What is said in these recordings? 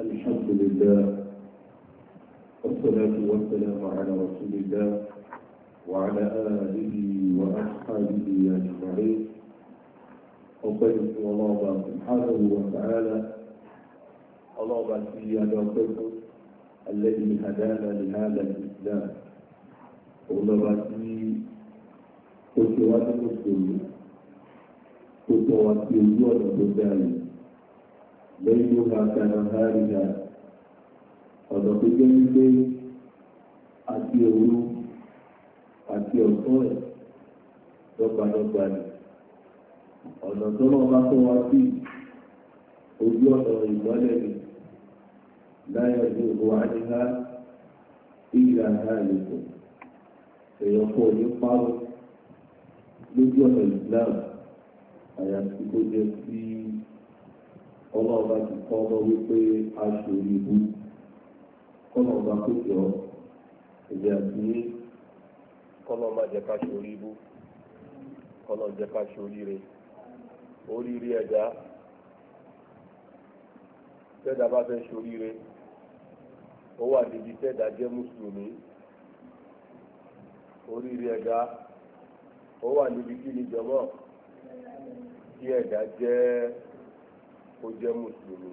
الحمد لله والصلاة والسلام على رسول الله وعلى آله وأصحابه أجمعين وقيل الله سبحانه وتعالى الله في هداكم الذي هدانا لهذا الإسلام والله في كتوات المسلمين كتوات يوم الدنيا lẹ́yìn ọba kàràkàrìkà ọ̀dọ̀ tó jẹ́ wípé àti òru àti ọ̀tọ́ ẹ̀ dọ́gbadọ́gba ni ọ̀nà tó lọ́ bá tó wá sí ojú ọ̀nà ìmọ́lẹ̀ ni láyọ̀ ní òwò àdíhá ìlà àlùkò èèyàn kò ní parọ́ lójú ọ̀nà ìsìláàmù àyàfi kó jẹ́ sí i. ọlọ́ọ̀bá ti kọ́ ọmọ wípé a ṣe ìbú kọ́lọ̀ọ̀bá kò jọ èdè àti ní kọ́lọ̀ọ̀bá jẹ́ ká ṣe orí ibú kọ́lọ̀ọ̀ jẹ́ ká ṣe oríire oríire ẹ̀dá tẹ́dá bá fẹ́ ṣe oríire ó wà níbi tẹ́dá jẹ́ mùsùlùmí oríire ẹ̀dá ó wà níbi kí ni jọmọ́ kí ẹ̀dá jẹ́ kó jẹ́ mùsùlùmí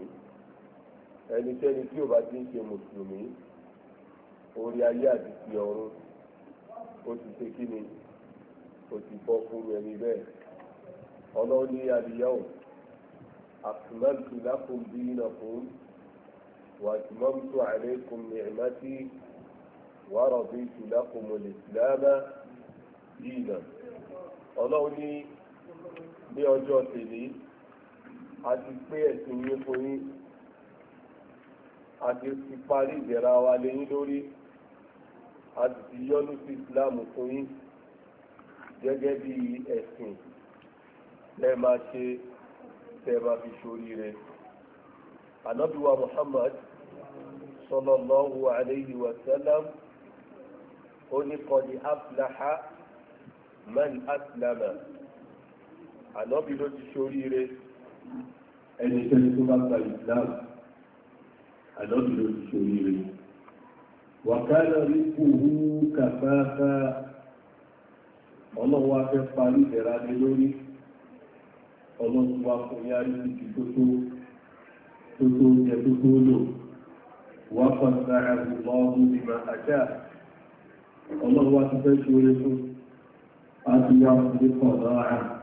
ẹnikẹ́ni tí ò bá ti ń ṣe mùsùlùmí orí ayé àti ti ọ̀run ó ti ṣe kí ni ó ti bọ́ fún ẹni bẹ́ẹ̀ ọlọ́run àdìyàwó àtúmọ̀tì lákùn bí iná fún wàtúmọ̀tì àlékún ní ìmọ̀tì wàrọ̀bí ìtùlákùn mọ̀lẹ̀ ìsìlámà yìí náà ọlọ́run ní ọjọ́ tèmi àti pé ẹ̀sìn yé fún yín àti ti parí ìdẹ̀ra wa lé yín lórí àti ti yọ́nú sí ìsìláàmù fún yín gẹ́gẹ́ bí ẹ̀sìn tẹ́ máa ṣe tẹ́ máa fi ṣoríire. Ànábíwa Muhammad sallallahu alayhi wa ó ní kọ́ni aflaha man aslama. Ànábí ló ti ṣoríire ẹnikẹ́ni tó bá gba islam àdọ́bì ló ti ṣòrí rẹ̀ wàkálà rí kùhú kàfáfá ọlọ́wọ́ afẹ́ parí ìdẹ̀ra lé lórí ọlọ́run wa fún yárí ibi tó tó tó jẹ tó tó lò ọlọ́run wa ti fẹ́ ṣe orí fún àti yá ọdún kọ̀ọ̀lọ́rùn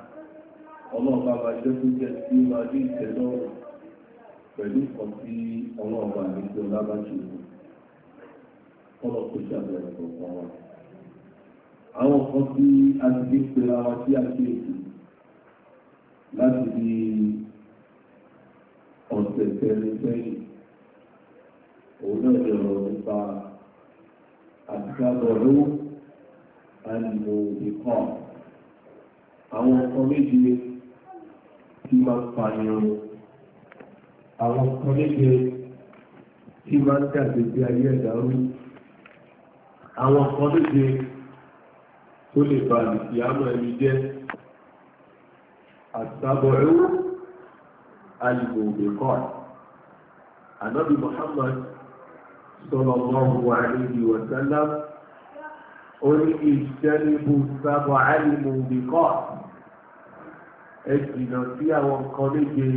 ọlọ́ọ̀bá bá jẹ́ tó jẹ́ sí wá ní ìtẹ́lọ́rùn pẹ̀lú kan tí ọlọ́ọ̀bá àdéjọ lábá ṣe kọ́lọ̀ tó ṣàbẹ̀rẹ̀ kọ̀ọ̀kan wa. àwọn kan tí a ti fi pe ara sí àkíyèsí láti di ọ̀sẹ̀ tẹ́lẹ̀ sẹ́yìn òun náà lè rọ̀ nípa àtìkábọ̀rú àlùmọ̀ ìkọ́ àwọn kan méjì tí máa ń pa irun àwọn kan léde tí máa ń dàgbé sí ayé ẹ̀dá rú àwọn kan léde tó lè ba àlùkí àmọ́ ẹni jẹ́ àtàbọ̀rú alìmọ̀ òbẹ̀kọ́ ànábì Muhammad sallallahu alayhi wa sallam orí ìṣẹ́lẹ̀bù sábọ̀ alìmọ̀ òbẹ̀kọ́ ẹ̀jìnà sí àwọn nǹkan méje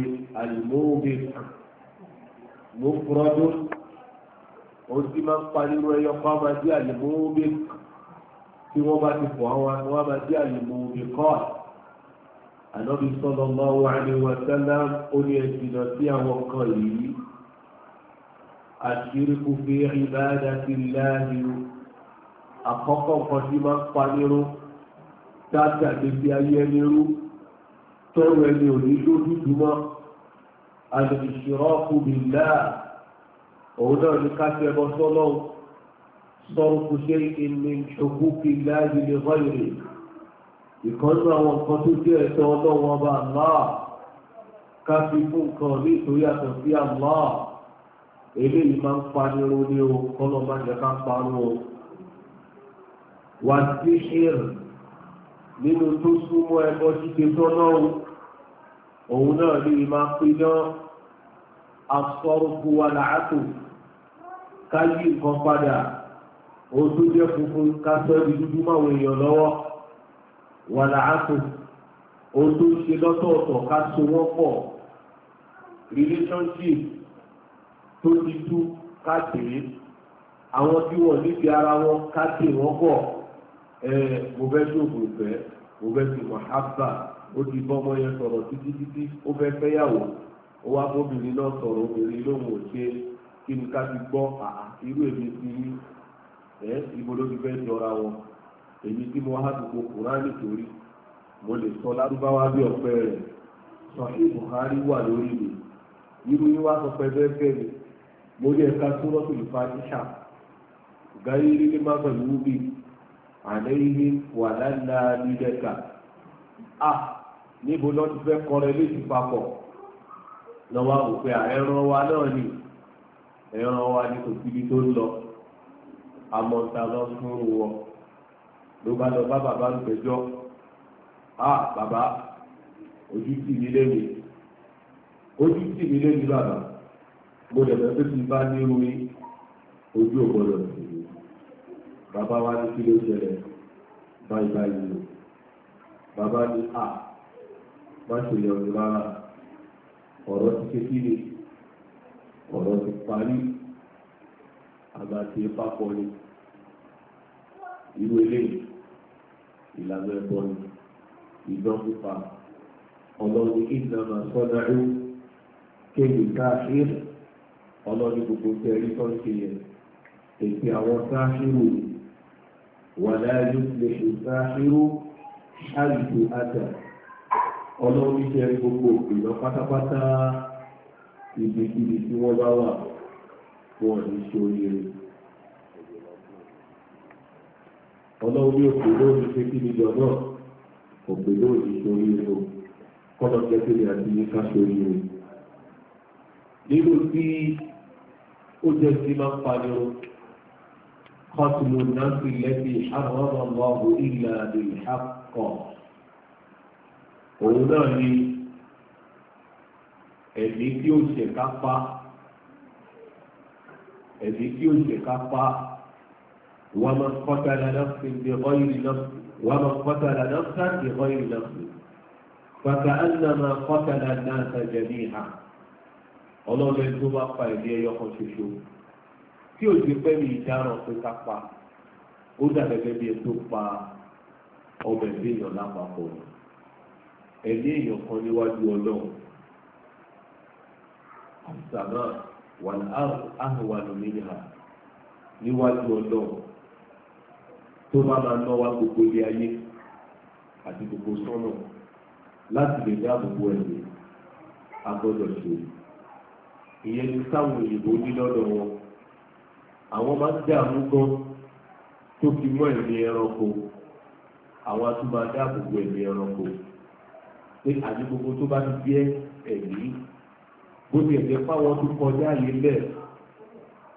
àlùmóògbé mọ́kúrọ́dún ó sì máa ń pariwo ẹyọ kan máa jẹ́ àlùmóògbé tí wọ́n bá ti pọ̀ àwọn wọ́n máa jẹ́ àlùmóògbé kọ́ ànábi sallallahu alaihi wa sallam ó ní ẹ̀jìnà sí àwọn nǹkan yìí àṣírìkù fi ìbádàtì láàrin àkọ́kọ́ nǹkan tí máa ń pariwo dáadáa lè fi ayé ẹni rú tọ́rọ ẹni òní lójú dúmọ́ alìṣìrọ́kù bìlá òun náà ní káṣí ẹbọ sọ́lọ́ sọ́rùkù ṣe ìní ṣokú bìlá ìdílé wáyé ìkọ́nú àwọn nǹkan tó jẹ́ ẹ̀tọ́ ọlọ́wọ́n ọba Allah káṣí fún nǹkan ní ìtòrí àtọ̀ sí Allah eléyìí máa ń panirò ní o kọ́nà máa ń jẹ́ ká parun o wà sí ṣír nínú tó súnmọ́ ẹbọ ṣíṣe tọ́lọ́run òun náà ní ìmá pídán asọ́rùkú wa làátò káyí nǹkan padà ó tó jẹ́ funfun kásọ́ ibi dúdú máwọn èèyàn lọ́wọ́ wà làátò ó tó ṣe lọ́tọ̀ọ̀tọ̀ ká wọ́n pọ̀ relationship tó ti tú káàkiri àwọn tí wọ́n níbi ara wọn káàkiri wọ́n pọ̀ ẹ mo fẹ́ ṣòfò ìfẹ́ mo fẹ́ ṣe mọ̀ hábà ó ti bọ́ ọmọ yẹn sọ̀rọ̀ títí títí ó fẹ́ fẹ́yàwó ó wá bóbìnrin náà sọ̀rọ̀ obìnrin lóhùn òṣè kí ni ká ti gbọ́ àá irú èmi ti rí ẹ ibo ló ti fẹ́ jọra wọn èmi tí mo há gbogbo kùránì torí mo lè sọ lárúbáwá bí ọ̀pẹ rẹ̀ sọ̀hí Buhari wà lórí mi irú yín wá sọ pé bẹ́ẹ̀ bẹ́ẹ̀ ni mo ní ẹ̀ka sórọ́tò ìfàdíṣà gáyé rí ní má pẹ̀lú wúbi àlẹ́ yìí wà láńlá nílẹ̀ ká níbo lọ ti fẹ́ kọrẹ léjì papọ̀ lọ́wọ́ òpin ẹran wa náà ni ẹran wa ni kò síbi tó ń lọ àmọ̀ta lọ fún wọn ló bá lọ bá bàbá ń pẹjọ́ a bàbá ojú tì mí léwu ojú tì mí léwu bàbá mo dẹ̀ fẹ́ pé kí n bá nírú mi ojú ò gbọdọ̀ sí mi bàbá wa ní kí ló ṣẹlẹ̀ báyìí báyìí o bàbá ní a má ṣe lè ọdún rárá ọ̀rọ̀ ti ṣe kíni ọ̀rọ̀ ti parí àgbà ti pápọ̀ ni irú eléyìí ìlànà ẹ̀bọ ni ìdán pípa ọlọ́run ìdánmà sọ́dá ẹ̀rú kéde káàkiri ọlọ́run gbogbo tẹ̀rí tó ń ṣe yẹn èsì àwọn sáàṣírò wà láàyè lè ṣe sáàṣírò ṣáàlùkù àjà ọlọ́run iṣẹ́ gbogbo ìlọ pátápátá ibikíbi tí wọ́n bá wà wọ́n ní ṣoríire ọlọ́run ní òkè lóòrùn ṣe kí ni jọ̀nà òkè lóòrùn ṣoríire o kọ́nà jẹ́kẹ́lẹ́ àti yíká ṣoríire nínú tí ó jẹ́ sí máa ń pani kọ́tùlù náà sì lẹ́bi àwọn ọmọ ọmọ ìlànà ìhàkọ́ òun náà ni ẹ̀mí tí ó ṣe kápá ẹ̀mí tí ó ṣe kápá wọ́n máa kọ́ta lọ́dọ́ sí ibi ọ̀yìn náà wọ́n máa kọ́ta lọ́dọ́ sí ibi ọ̀yìn náà kàkà ẹnìnàmà kọ́ta lọ́dọ́ sí ní ìhà ọlọ́run tó bá pa ẹ̀mí ẹyọ kan ṣoṣo tí ò ṣe pẹ́ mi ìdáràn pé kápá ó dàbẹ̀ gẹ́gẹ́ bí ẹ tó pa ọmọ ẹ̀mí èèyàn lápapọ̀ ni ẹ̀mí èèyàn kan níwájú ọlọ́run àṣàmà wà áhùwà lómìnira níwájú ọlọ́run tó bá máa ná wá gbogbo ilé ayé àti gbogbo sọ́nà láti lè dáàbò bo ẹ̀mí agbọ́dọ̀ ṣe ìyẹn ní táwọn òyìnbó ní lọ́dọ̀ wọn àwọn máa ń dààmú gan tó fi mọ́ ẹ̀mí ẹranko àwọn á tún máa dáàbò ẹ̀mí ẹranko pé àbí gbogbo tó bá ti jẹ́ ẹ̀mí bó ti ẹ̀jẹ̀ páwọn tó kọjá yìí lẹ̀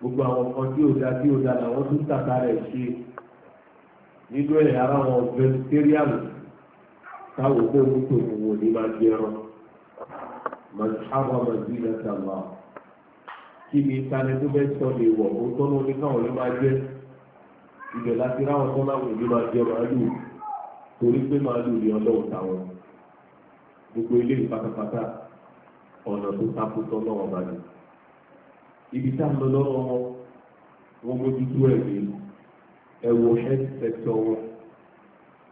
gbogbo àwọn kan tí ó da tí ó da làwọn tó tàkà rẹ̀ ṣe nínú ẹ̀ ara wọn vegetarian táwọn kó ń tó wò ní máa jẹran màṣáwá máa bí lẹ́tà máa kí ni tani tó fẹ́ sọ lè wọ̀ ó tọ́nú ní káwọn ló máa jẹ́ ibẹ̀ láti ráwọn tó máa wò ní máa jẹ màálù torí pé màálù ni ọlọ́run táwọn gbogbo ilé ìpátápátá ọ̀nà tó takótọ́ lọ́wọ́ bá ní. ibi tá ń lọ lọ́wọ́ wọn wọ́n mójútó ẹ̀ ní ẹ̀wọ̀ health sector wọn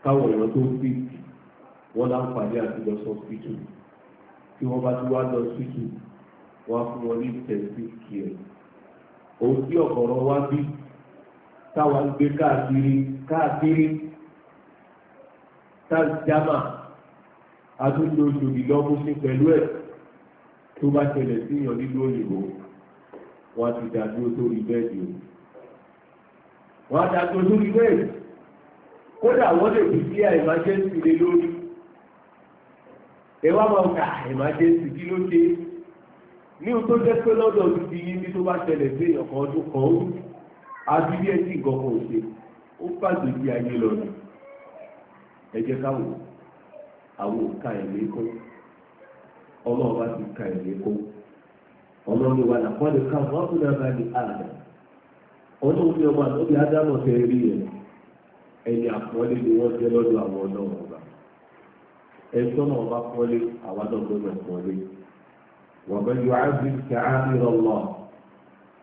káwọn èèyàn tó ń fit wọ́n láǹfààní àti lọ sọ hospital tí wọ́n bá ti wá lọ hospital wọ́n á fún wọn ní intensive care. òun tí ọ̀kọ̀rọ̀ wá bí táwa gbé káàkiri káàkiri tá jámà àtúntò lòdì lọ́mú sí pẹ̀lú ẹ̀ tó bá ṣẹlẹ̀ sí èèyàn nínú òyìnbó wọ́n ti dàdúró sórí bẹ́ẹ̀dì o wọ́n á dàdúró sórí bẹ́ẹ̀dì kódà wọ́n lè fi sí àìmájẹ́sì lé lórí ẹ wá máa ka àìmájẹ́sì kí ló ṣe ní o tó jẹ́ pé lọ́dọ̀ ti di yín bí tó bá ṣẹlẹ̀ sí èèyàn kan ọdún kan ó àbí bí ẹ sì nǹkan ṣe ó pàdé sí ayé lọ́dọ̀ ẹ jẹ́ káwọn. àwọn òǹkà ẹ̀mí kó ọlọ́run ti ka ẹ̀mí kó ọlọ́run wà ká wọ́n di àdá àtọ́bí ádámọ̀ rí ni wọ́n jẹ́ lọ́dọ̀ àwọn ọba ẹ̀sọ́ náà bá pọ́nlé àwa náà gbọ́dọ̀ pọ́nlé wọ́n bẹ́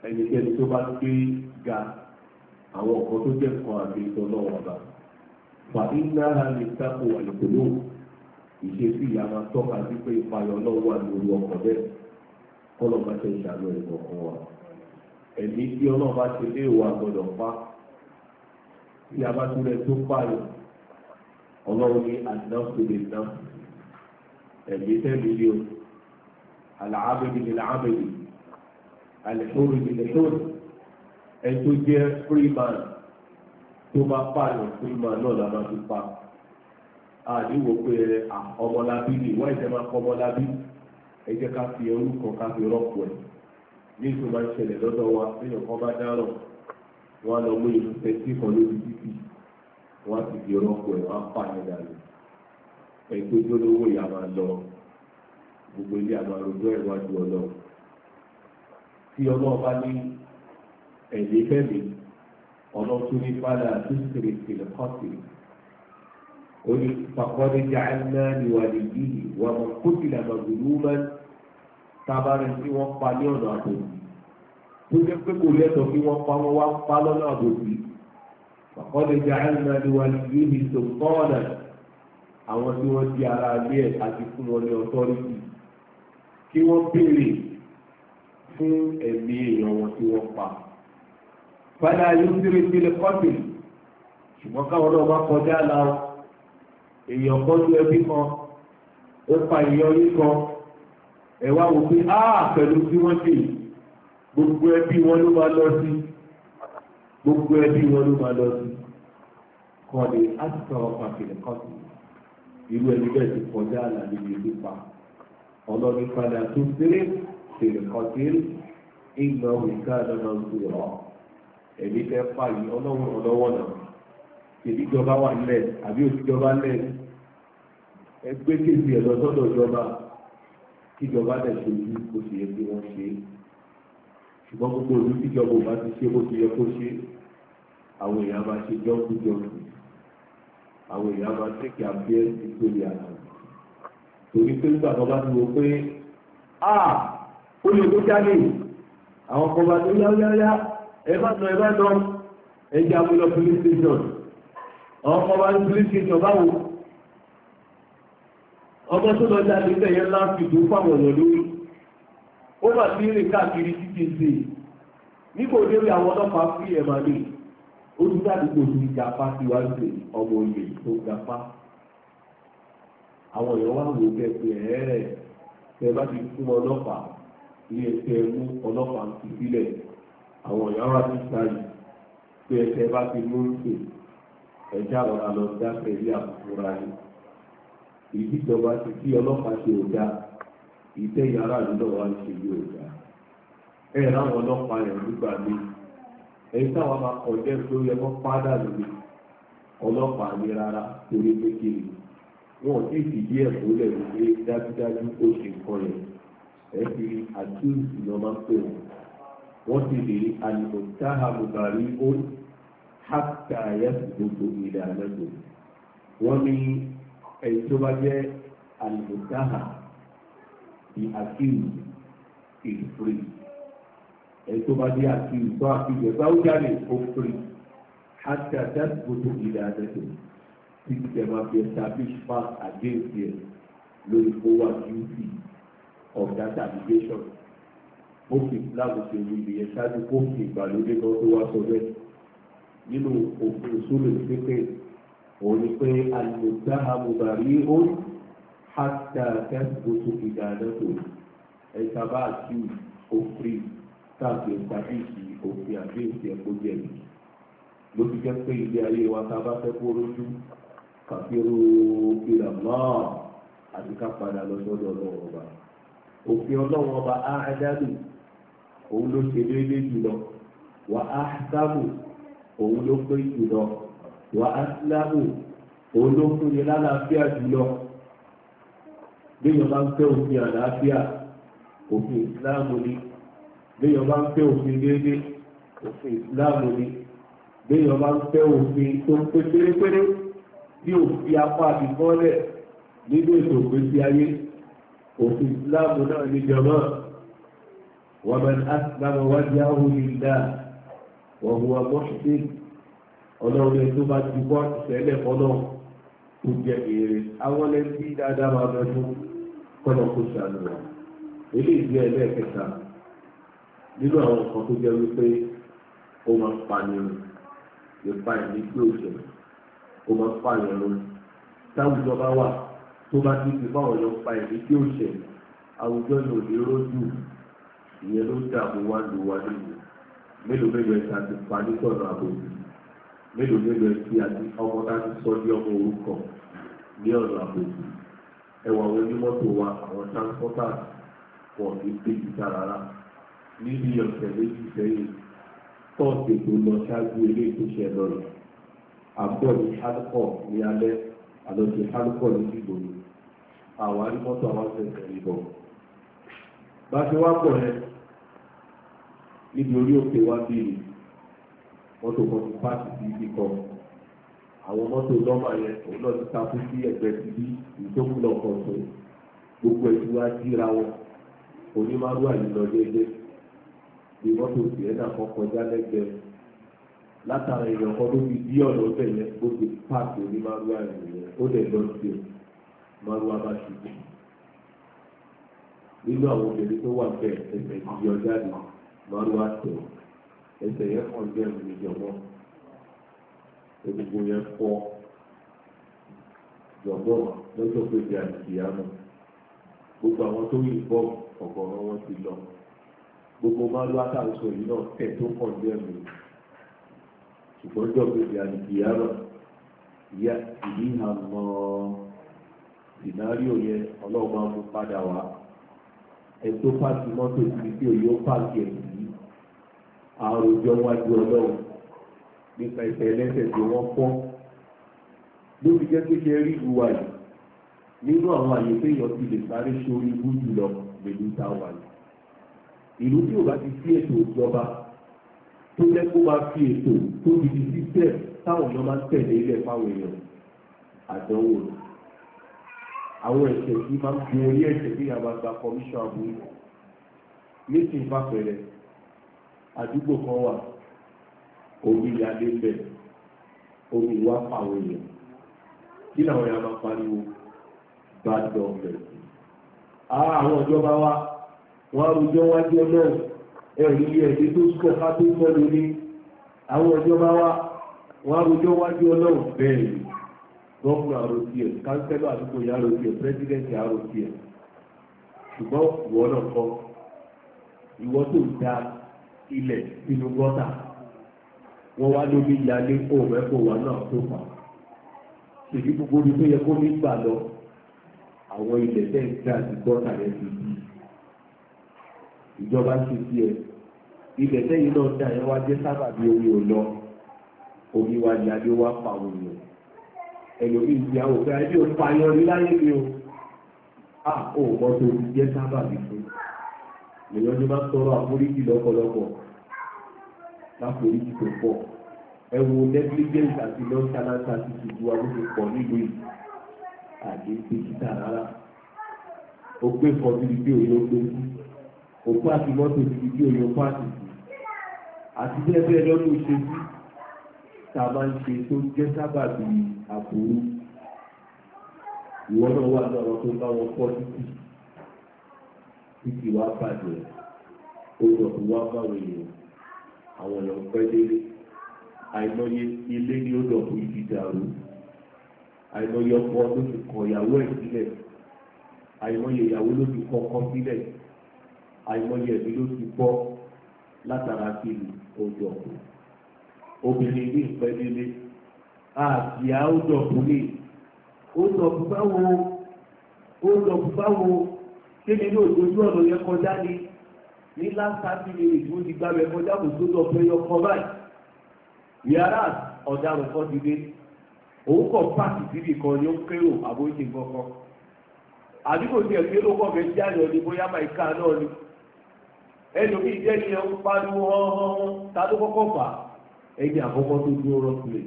ẹnikẹ́ni tó bá gbé ga àwọn ọ̀kan tó jẹ́ kan àti ìtọ́ náà sápò àlùkò ìṣesí ìyá máa tọ́ka sí pé ìpayọ̀ náà wà lórí ọkọ̀ bẹ́ẹ̀ kọ́lọ̀ bá ṣe ìṣàlọ ẹ̀kọ́ fún wa ẹ̀mí tí ọlọ́run bá ṣe lé ìwà gbọ́dọ̀ pa tí a bá tún lẹ tó pààyàn ọlọ́run ní àdáńsóde náà ẹ̀mí tẹ́lẹ̀ ni o àlàábẹ̀dì ni làábẹ̀dì àlẹ́sọ́rì ni lẹ́sọ́rì ẹ̀ tó jẹ́ fúrímàn tó bá pààyàn fúrímàn náà la máa fi pa àdíwò pé ọmọlábí ni wọ́n ìjẹ́ máa kọ́ ọmọlábí ẹ jẹ́ ká fi orúkọ ká fi rọ́pò ẹ̀ ní ìtò máa ń ṣẹlẹ̀ lọ́dọ̀ wa níyàn kan bá dárọ̀ wọ́n á lọ mú ìlú tẹ́tí kan lórí títì wọ́n á sì fi rọ́pò ẹ̀ wọ́n á pa ẹ̀ dànù ẹ̀ tó jólówó ìyá máa lọ gbogbo ilé àwọn arúgbó ìwájú ọlọ́run tí ọlọ́run ní ẹ̀lẹ́fẹ̀mí ọlọ́run ní fádà tó sì قل فقد جعلنا لوليه ومن قتل مظلوما tábàrin tí wọ́n pa ní ọ̀nà àbòsí tó jẹ́ pé kò lẹ́tọ̀ọ́ kí wọ́n pa wọ́n wá ń pa lọ́nà àbòsí faqad ja'alna liwaliyyihi sultanan àwọn tí wọ́n di ara ilé ẹ̀ àti fún wọn ní ọ̀tọ́rìtì kí wọ́n béèrè fún ẹ̀mí èèyàn wọn tí wọ́n pa. fala yusrif fil qatl ṣùgbọ́n káwọn náà wá kọjá láwọn èèyàn kọjú ẹbí kan ó pa èèyàn orí kan ẹ̀wá wò pé áà ah, pẹ̀lú bí wọ́n dè gbogbo ẹbí wọn ló máa lọ sí gbogbo ẹbí wọn ló máa lọ sí kọ́ ni á ti sọ ọkọ̀ àfihàn kan sí irú ẹni bẹ́ẹ̀ ti kọjá àlàyé ní ìlú pa ọlọ́ni padà tó ṣeré fèrè kan sí ìgbà òǹkà lọ́nà ń sọ̀rọ̀ ẹ̀mí fẹ́ fàyè ọlọ́run ọlọ́wọ́ náà ìdíjọba wà nílẹ̀ àbí òṣìjọba nílẹ̀ ẹgbẹ́ kéde ẹ̀rọ sọ́dọ̀ ìjọba kíjọba dẹ̀ ṣe ojú kó ṣe yẹ kí wọ́n ṣe ṣùgbọ́n gbogbo ìlú tíjọba ò bá ti ṣe bó ṣe yẹ kó ṣe àwọn èèyàn máa ṣe jọ́kújọ́kù àwọn èèyàn máa tẹ̀kì abẹ́ nítorí àná torí pé nígbà tó bá ti wọ pé a ó lè kó jáde àwọn ọkọ̀ bá tó yáyáyá ẹ bá tán ẹ bá tán ẹ jẹ́ amúlọ police station àwọn ọkọ̀ bá ní police station báwo ọmọ tó lọ jáde lẹ́yẹ láti tó fáwọn ọ̀nà lórí ó bà sí rìn káàkiri títí ṣe nígbò délé àwọn ọlọ́pàá fi ẹ̀mà ní olùdádùgbò tó gapá sí wá sí ọmọ oyè tó gapá àwọn èèyàn wá wò bẹ́ẹ̀ pé ẹ̀ẹ́rẹ̀ tẹ bá ti fún ọlọ́pàá ní ẹsẹ̀ mú ọlọ́pàá ti sílẹ̀ àwọn èèyàn wá ti sáyì pé ẹsẹ̀ bá ti mú ń sè ẹ̀já lọ́ra lọ dákẹ́ ilé àkókò ra ìdíjọba ti kí ọlọ́pàá ṣe òdá ìtẹ́ yàrá àdúgbò ń ṣe yóò dá ẹ ráwọn ọlọ́pàá rẹ̀ nígbà mi ẹni táwọn máa kọjá tó yẹ kó pádà lómi ọlọ́pàá ní rárá torí wọn ò tí dájúdájú ó ṣe nǹkan yẹn ẹ fi àtúntì lọ máa èyí tó bá jẹ́ àlùdáhà di àkíyù ìfúri èyí tó bá jẹ́ àkíyù tó àkíyù ẹ̀ báwo jáde ó fúri àti àdágbòdo ìdá àdẹ́tò tí ìjẹ́ máa fi establish fast against yẹn lórí owó àkíyùsì of data aggregation ó fi láàbù ṣe orí ibi yẹn ṣáájú kó fi ìgbàlódé kan tó wá sọ bẹ́ẹ̀ nínú òfin ìṣúlẹ̀ pípẹ́ òun ni pé alùdáhàmù bàrí ó hàtà kẹ́sìbótó ìdádọ́tò ẹ̀ka bá àti òfin káàkiri ìtàbíìsì òfin àbíìsì ẹ̀kọ́ jẹ̀bi ló fi jẹ́ pé ilé ayé wa ta bá fẹ́ kó rójú kàfíró ìlànà àti ká padà lọ òfin ọlọ́wọ́ ọba áádáàlú òun ló ṣe déédéé jùlọ wà á òun ló pé jùlọ wà á síláàbù òun ló fún ni lálàáfíà jùlọ léèyàn bá ń fẹ́ òfin àlàáfíà òfin ìsìláàmù ni léèyàn bá ń fẹ́ òfin déédé òfin ìsìláàmù ni léèyàn bá ń fẹ́ òfin tó pé pérépéré tí òfin apá àbíkọ́lẹ̀ nínú ètò ìgbésí ayé òfin ìsìláàmù náà ní jọmọ́ wàmẹ́ni asìláàmù wájú áhùn ní ìdá wàhùwà mọ́ṣídéèdì ọlọ́run ẹni tó bá ti wá ìṣẹ̀lẹ̀ fọlọ́run kò jẹ èrè àwọn ẹni tí dáadáa máa bẹ fún kọ́nà kó ṣàánú wa eléyìí jẹ́ ẹlẹ́ẹ̀kẹta nínú àwọn nǹkan tó jẹ́ wípé ó máa ń pànìyàn lè pa ẹ̀mí pé òṣèl ó máa ń pànìyàn lórí táwùjọ bá wà tó bá ti fi báwọn lọ pa ẹ̀mí pé òṣèl àwùjọ ní òní ìyẹn ló dààmú wá lu wa nínú mélòó mélòó ẹ̀ka ti pa nítorí àbòjì mélòó mélòó ẹtí àti ọmọ tá a ti sọ ní ọmọ orúkọ ní ọ̀nà àbòsí ẹwà àwọn onímọ́tò wa àwọn transporters wọn kì í pé kíta rárá níbi ọ̀sẹ̀ méjì sẹ́yìn tọ́ọ̀sì tó lọ ṣáájú ilé ìtúnṣe lọ́rọ̀ àbọ̀ ní hálùkọ̀ ní alẹ́ àlọ́sẹ̀ hálùkọ̀ ní ìgbòho àwọn arímọ́tò àwọn ṣẹ̀ṣẹ̀ ìbọ̀ bá ṣe wá pọ̀ yẹn níbi orí òkè wá bíi mọ́tò kan ti páàkì sí ibi kan àwọn mọ́tò lọ́mà yẹn òun náà ti takú sí ẹgbẹ́ ti bí ìtókù náà kan tó gbogbo ẹ̀ tí wá jíra wọn onímọ̀rú àyìnlọ déédéé bí mọ́tò tiẹ̀ náà kan kọjá lẹ́gbẹ̀ẹ́ látara èèyàn kan ló fi dí ọ̀nà ọ̀bẹ yẹn ó ti páàkì onímọ̀rú àyìnlọ yẹn ó dẹ̀ lọ sí ẹ̀ mọ́rú abáṣubú nínú àwọn obìnrin tó wà bẹ́ẹ̀ ẹ̀fẹ̀ ìyọjáde mọ́rú àtẹ̀wọ̀ ẹsẹ̀ yẹn pọ̀ jẹ́ ìjọ̀gbọ́n egungun yẹn pọ̀ jọ̀gbọ́n lọ́jọ́ péjì àdìyàmọ̀ gbogbo àwọn tó yìn bọ́ ọ̀gọ̀rọ̀ wọn ti lọ gbogbo máa lọ àtàwùsọ yìí náà tẹ̀ tó pọ̀ jẹ́ mi ṣùgbọ́n lọ́jọ́ péjì àdìyàmọ̀ ìyá ìyíhàn mọ́ ìnáríò yẹn ọlọ́run máa mú padà wá ẹ̀ tó pàṣẹ mọ́tò ìdílé tí pàṣẹ ẹ̀ àròjọ wájú ọlọ́run nípa ìfẹ́ ẹlẹ́sẹ̀ tí wọ́n fọ́ ló fi jẹ́ kéṣe rí ìwà yìí nínú àwọn àyè téèyàn ti lè sáré sórí ibú jùlọ pẹ̀lú táwa yìí ìlú tí ò bá ti sí ètò ìjọba tó jẹ́ kó máa fi ètò tó di di sísẹ̀ táwọn èèyàn máa ń tẹ̀lé ilẹ̀ fáwọn èèyàn àdánwò àwọn ẹ̀ṣẹ̀ tí máa ń gun orí ẹ̀ṣẹ̀ tí yàrá gba kọmíṣọ́ àbúrò ní ti ń bá pẹ̀lẹ́ àdúgbò kan wà omi ìyáde bẹ̀ omi ìwà pàwọn èèyàn kí làwọn èèyàn máa pariwo bad government ara àwọn ìjọba wa wọ́n arúgbó wájú ọlọ́run ẹ̀rí ẹ̀dí tó sọ ká tó sọ lórí àwọn ìjọba wa wọ́n arúgbó wájú ọlọ́run bẹ́ẹ̀ ni gọ́ọ̀nù àròsí ẹ̀ kánsẹ́lọ̀ àdúgbò yà àròsí ẹ̀ pírẹ́sidẹ́ǹtì àròsí ẹ̀ ṣùgbọ́n ìwọ náà kọ́ ìwọ tó dáa ilẹ̀ inú gọ́tà wọ́n wá lómi ìyálé òun ẹ̀kọ́ wa náà tó fà ṣèlú gbogbo ní tó yẹ kó ní gbà lọ àwọn ilẹ̀ tẹ́ ń gbà sí gọ́tà rẹ̀ ti di ìjọba ṣe sí ẹ ilẹ̀ tẹ́yìn náà dá ẹ wá jẹ́ sábà bí omi ò lọ omi wa ìyálé wa pa òun yẹn ẹlòmí ìdí àwọn òfin ayé ò pa yan rí láyé mi o à ò mọ ti jẹ́ sábà bí fún un lèyàn ní máa tọrọ àforíjì lọ́pọ̀lọpọ̀ láforíjì tó pọ̀ ẹ wo negligence àti nonchalance àti ṣùgbọ́n wa ló ti pọ̀ nílùú yìí àti dókítà rárá ó gbé kan síbi tí òye ó gbé sí òkú àti mọ́tò síbi tí òye ó pàṣẹ sí àti bẹ́ẹ̀ bẹ́ẹ̀ lọ́dún ṣe sí tá a máa ń ṣe tó jẹ́ sábàbí àbúrú ìwọ́n náà wà lọ́rọ̀ tó bá wọn pọ́ títì títí wá bàjẹ́ ohun ọ̀hún wá báwọn èèyàn àwọn èèyàn pẹ́ délé àìmọye ilé ní ó dọ̀bù ibi dàrú àìmọye ọkọ ló ti kọ ìyàwó ẹ̀ sílẹ̀ àìmọye ìyàwó ló ti kọ́ ọkọ sílẹ̀ àìmọye ẹ̀mí ló ti bọ́ látara kiri ojú ọ̀pọ̀ obìnrin ní ìpẹ́ délé àti àódọ̀bù ní ó dọ̀bù báwo ó dọ̀bù báwo tẹ́mi ní òjòjú ọ̀nà yẹn kọjá ni ní láńtà tí mi rìn tí mo ti gbá bẹ kọjá kò tó lọ pé ọkọ báyìí yàrá ọ̀daràn kan ti dé òun kọ̀ páàkì síbi kan ni ó kérò àbójì kankan àdúgbò tiẹ̀ pé ló kọ̀ fẹ́ jáde ọdún bóyá máa ká náà ni ẹlòmíì jẹ́ ní ẹ̀ ń pariwo hánhánhán ta ló kọ́kọ́ fà á ẹni àkọ́kọ́ tó dúró rọ́pìlẹ̀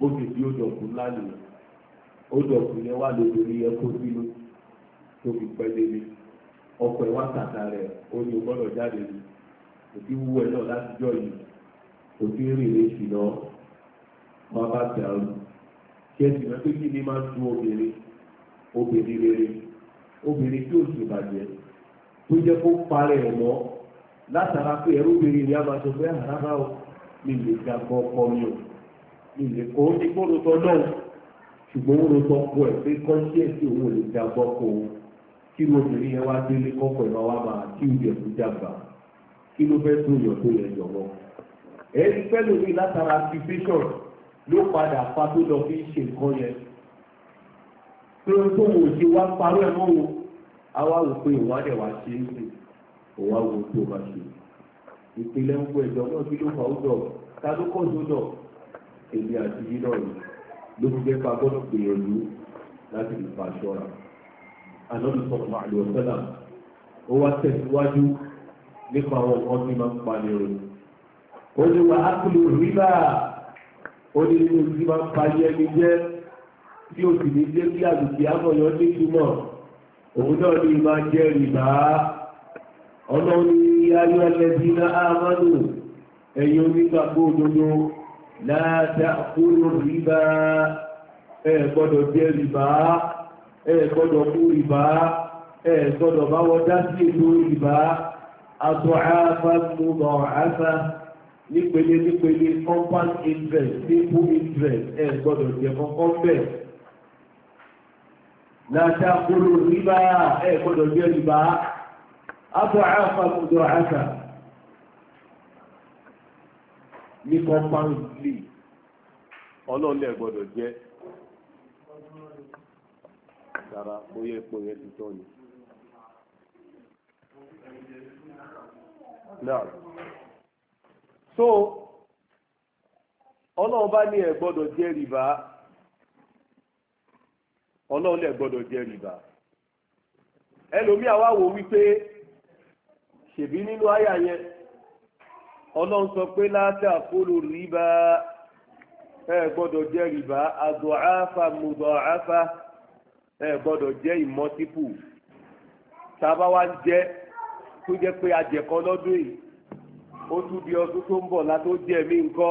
bó ti di ó dọ̀kú ńlá nìyẹn ó dọ̀kú yẹn wà lóbìnrin yẹn kó sínú tó fi pẹ́ lé mi ọkọ̀ ẹ̀ wá tàtà rẹ̀ ó ní o gbọ́dọ̀ jáde ni kò sí wúwo ẹ̀ náà látijọ́ yìí kò sí rìn lè lọ wọn bá tẹ̀ ọ́ kí ẹ sì mọ̀ pé kí ni máa ń du obìnrin obìnrin rere obìnrin tí ò sì bàjẹ́ tó jẹ́ kó parẹ́ ẹ̀ mọ́ látara pé ẹrú obìnrin ni a máa sọ pé àrárá ah, o mi lè ga kọ́ ọkọ mi o mi lè kọ́ ó ní kó ló tọ́ náà ṣùgbọ́n ó ló tọ́ kó ẹ̀ pé kọ́ńtíẹ̀sì òun ò lè ga bọ́ kó o kí obìnrin yẹn wá délé kọ́kọ́ ìmọ̀ wá máa kí ìjẹ̀ tó jàgbà kí ló fẹ́ tó yọ̀ tó yẹ jọ̀wọ́. ẹni fẹ́lẹ̀ orí látara fixation ló padà fa tó lọ fi ṣe nǹkan yẹn. pé o tó wò ṣe wá parọ́ ẹ̀ mọ́ o àwa wò pé òwá dẹ̀ wá ṣe é sè òwá wo tó bá ṣe. ìpìlẹ̀ ń kó ẹ̀jọ̀ náà kí ló fà ó dọ̀ ta ló kọ́ tó dọ̀ èmi àti yín náà ló fi jẹ́ pa gbọ́dọ̀ gbìyànjú láti lè fa aṣọ́ra ànábì sọ̀rọ̀ máa lò sẹ́là ó wá tẹ̀síwájú nípa àwọn nǹkan tí máa ń palẹ̀ rẹ̀ ó ní wà á kúlò rírà ó ní ní ojú máa ń palẹ̀ ẹni jẹ́ tí ó sì ní jẹ́ kí àgùkì àmọ̀yọ́ ní túmọ̀ òun náà ní máa jẹ́ ọ̀nà ní ayọ́ ẹlẹ́bí náà á mánú ẹ̀yin onígbàgbọ́ òdodo láti àkúrò rírà ẹ̀ gbọ́dọ̀ jẹ́ rìbá ẹ gbọ́dọ̀ kú rìbá ẹ gbọ́dọ̀ bá wọ́n dá sí ètò rìbá aṣọ àfàmúlọ àṣà nípele nípele compound interest simple interest ẹ gbọ́dọ̀ jẹ kọ́kọ́ bẹ̀. Nàṣà kúrò rìbá ẹ gbọ́dọ̀ jẹ rìbá aṣọ àfàmúlọ àṣà ní compound lead ọlọ́ọ̀lẹ́ gbọ́dọ̀ jẹ́. rárá bóyá epo yẹn ti ni. Now, so ọlọ́run bá ní ẹ̀ gbọ́dọ̀ jẹ́ rìbá ọlọ́run lẹ̀ gbọ́dọ̀ jẹ́ rìbá ẹlòmíà wá wò wípé ṣèbí nínú àyà yẹn ọlọ́run sọ pé látà fóló rìbá ẹ̀ jẹ́ rìbá àfà àfà. ẹ gbọ́dọ̀ jẹ́ ìmọ́típù tá a bá wá jẹ́ tó jẹ́ pé ajẹ̀kọ́ lọ́dún yìí ó tún di ọdún tó ń bọ̀ látó jẹ́ mí ńkọ́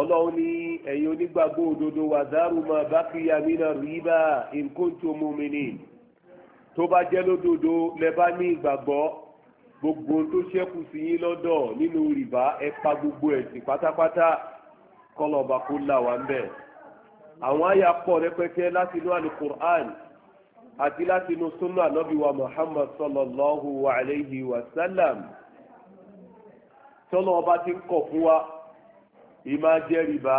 ọlọ́run ní ẹ̀yin onígbàgbọ́ òdodo wàzárù ma baqiya mina riba in kuntum mu'minin tó bá jẹ́ lódodo lẹ bá ní ìgbàgbọ́ gbogbo tó ṣẹ́kù sí yín lọ́dọ̀ nínú rìbá ẹ pa gbogbo ẹ̀sìn pátápátá kọlọ̀ọ̀bà kó là wá ń bẹ̀. àwọn àyà pọ̀ rẹpẹtẹ láti inú alukur'an àti láti inú sunnah ànábì wa muhammad sallallahu alayhi wa sallam tọ́lọ́ ọba ti ń kọ̀ fún wa ìmáa jẹ rìbá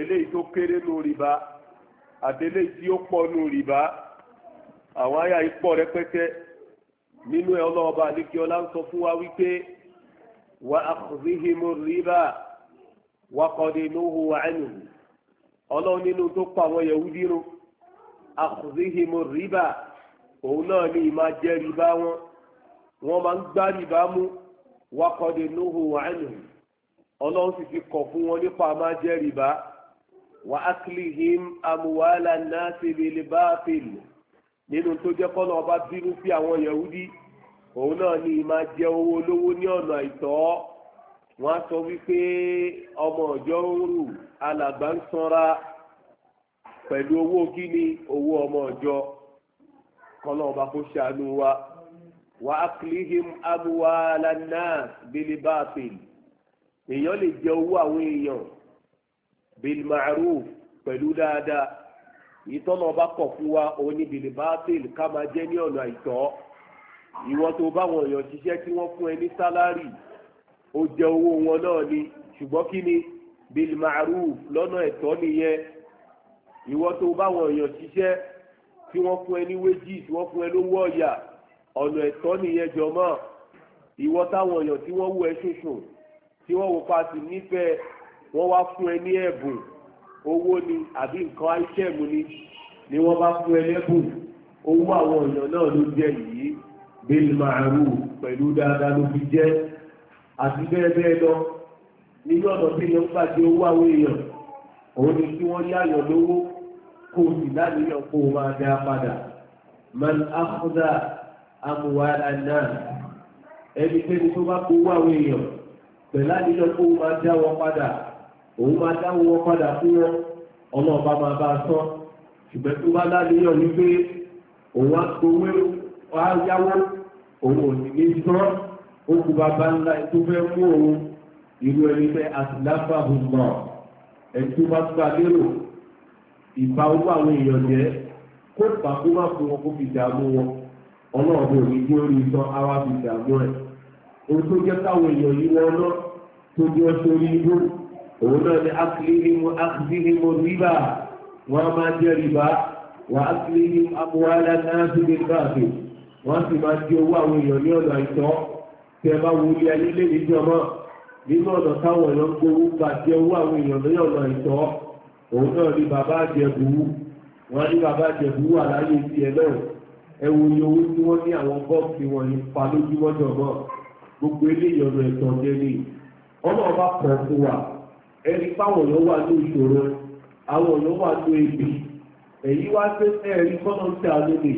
eléyìí tó kéré nù rìbá àti eléyìí tí ó pọ̀ nù rìbá àwọn àyà yìí rẹpẹtẹ nínú ẹ̀ ń sọ fún wa wípé wa akhzihimu rìbá nuhu ọlọ́run nínú tó pa àwọn yahudi run akùzíhìmù rìbá òun náà ní ìmá jẹ rìbá wọn wọn máa ń gbá rìbá mú wakọ̀dé nóhùn wàánù ọlọ́run sì ti kọ̀ fún wọn nípa àmá jẹ rìbá wà ákìlìhìm amúwàlà náà ti lè bá a fèlè nínú tó jẹ́ kọ́nà ọba bínú sí àwọn yahudi òun náà ní ìmá jẹ owó olówó ní ọ̀nà àìtọ́ wọ́n á sọ wípé ọmọ ọjọ́ ń rù alàgbà ń sanra pẹ̀lú owó kíni owó ọmọ ọjọ́ kọ́nà ọba kó ṣàánú wa wà á kìlìhìm abúwàlá náà bílí báàpìl èèyàn lè jẹ owó àwọn èèyàn bílí màrúf pẹ̀lú dáadáa ìtọ́nà ọba kọ̀ fún wa òun ní bílí báàpìl ká máa jẹ́ ní ọ̀nà àìtọ́ ìwọ́n tó báwọn èèyàn ṣiṣẹ́ tí wọ́n fún ẹ ní sálárì ó jẹ owó wọn náà ni ṣùgbọ́n kí ni bil ma'ruf lọ́nà ẹ̀tọ́ nìyẹn ìwọ tó bá wọn èèyàn ṣiṣẹ́ tí wọ́n fún ẹ ní wages wọ́n fún ẹ lówó ọ̀yà ọ̀nà ẹ̀tọ́ nìyẹn jọmọ́ ìwọ táwọn èèyàn tí wọ́n wú ẹ ṣoṣùn tí wọ́n wò pàṣẹ nífẹ̀ẹ́ wọ́n wá fún ẹ ní ẹ̀bùn owó ni àbí nǹkan àìṣẹ́mu ni ni wọ́n bá fún ẹ lẹ́bùn owó àwọn èèyàn náà ló jẹ́ yìí bil ma'ruf pẹ̀lú dáadáa ló fi jẹ́ àti bẹ́ẹ̀bẹ́ẹ̀ lọ nínú ọ̀nà tí èèyàn gbà jẹ owó àwọn èèyàn òun ni kí wọ́n yáyọ̀ lówó kó o sì láníyàn kó o máa dá padà man akhudha amwal an-nas ẹnikẹ́ni tó bá kó owó àwọn èèyàn pẹ̀lú àníyàn kó máa dá wọn padà òun máa dáwọ́ wọn padà fún wọn ọlọ́ọ̀bá máa bá sọ ṣùgbọ́n tó bá láníyàn wípé òun á gbowó òun òun ò sì ní sọ́ọ́ ó kú bàbá ńlá tó fẹ́ mú òun irú ẹni fẹ́ àtìláfà hùmọ̀ ẹni tó bá gbà lérò ìfà owó àwọn èèyàn jẹ́ kó fà kó má fún wọn kó fi dààmú wọn ọlọ́run kò ní kí ó rí sọ àwa fi dààmú ẹ̀ ohun tó jẹ́ káwọn èèyàn yìí wọn lọ tó jẹ́ ọṣọ rí òun náà ni akílíhìmù akílíhìmù rìbá wọn máa jẹ rìbá wọn akílíhìmù amúhálà náà tó lè bá wọn sì máa jẹ owó àwọn èèyàn ní ọ̀nà àìtọ́ tí ẹ bá wuli ayé lé níjọ mọ́ nínú ọ̀nà táwọn èèyàn ń gbowó gba jẹ owó àwọn èèyàn lóyè ọ̀nà ìtọ́ òun náà ni bàbá àjẹbù wọn ní bàbá àjẹbù wà láyé tiẹ̀ náà ẹ wo iye owó tí wọ́n ní àwọn bọ́ọ̀sì wọn ní pa lójúmọ́ jọ̀mọ́ gbogbo eléyìí ọ̀nà ẹ̀tọ́ jẹ́ ni ọmọ ọba pọ̀ fún wa ẹni fáwọn èèyàn wà ní ìṣòro àwọn èèyàn wà ní ebi èyí wá sí ẹ̀rí kọ́nà ń tẹ àlónì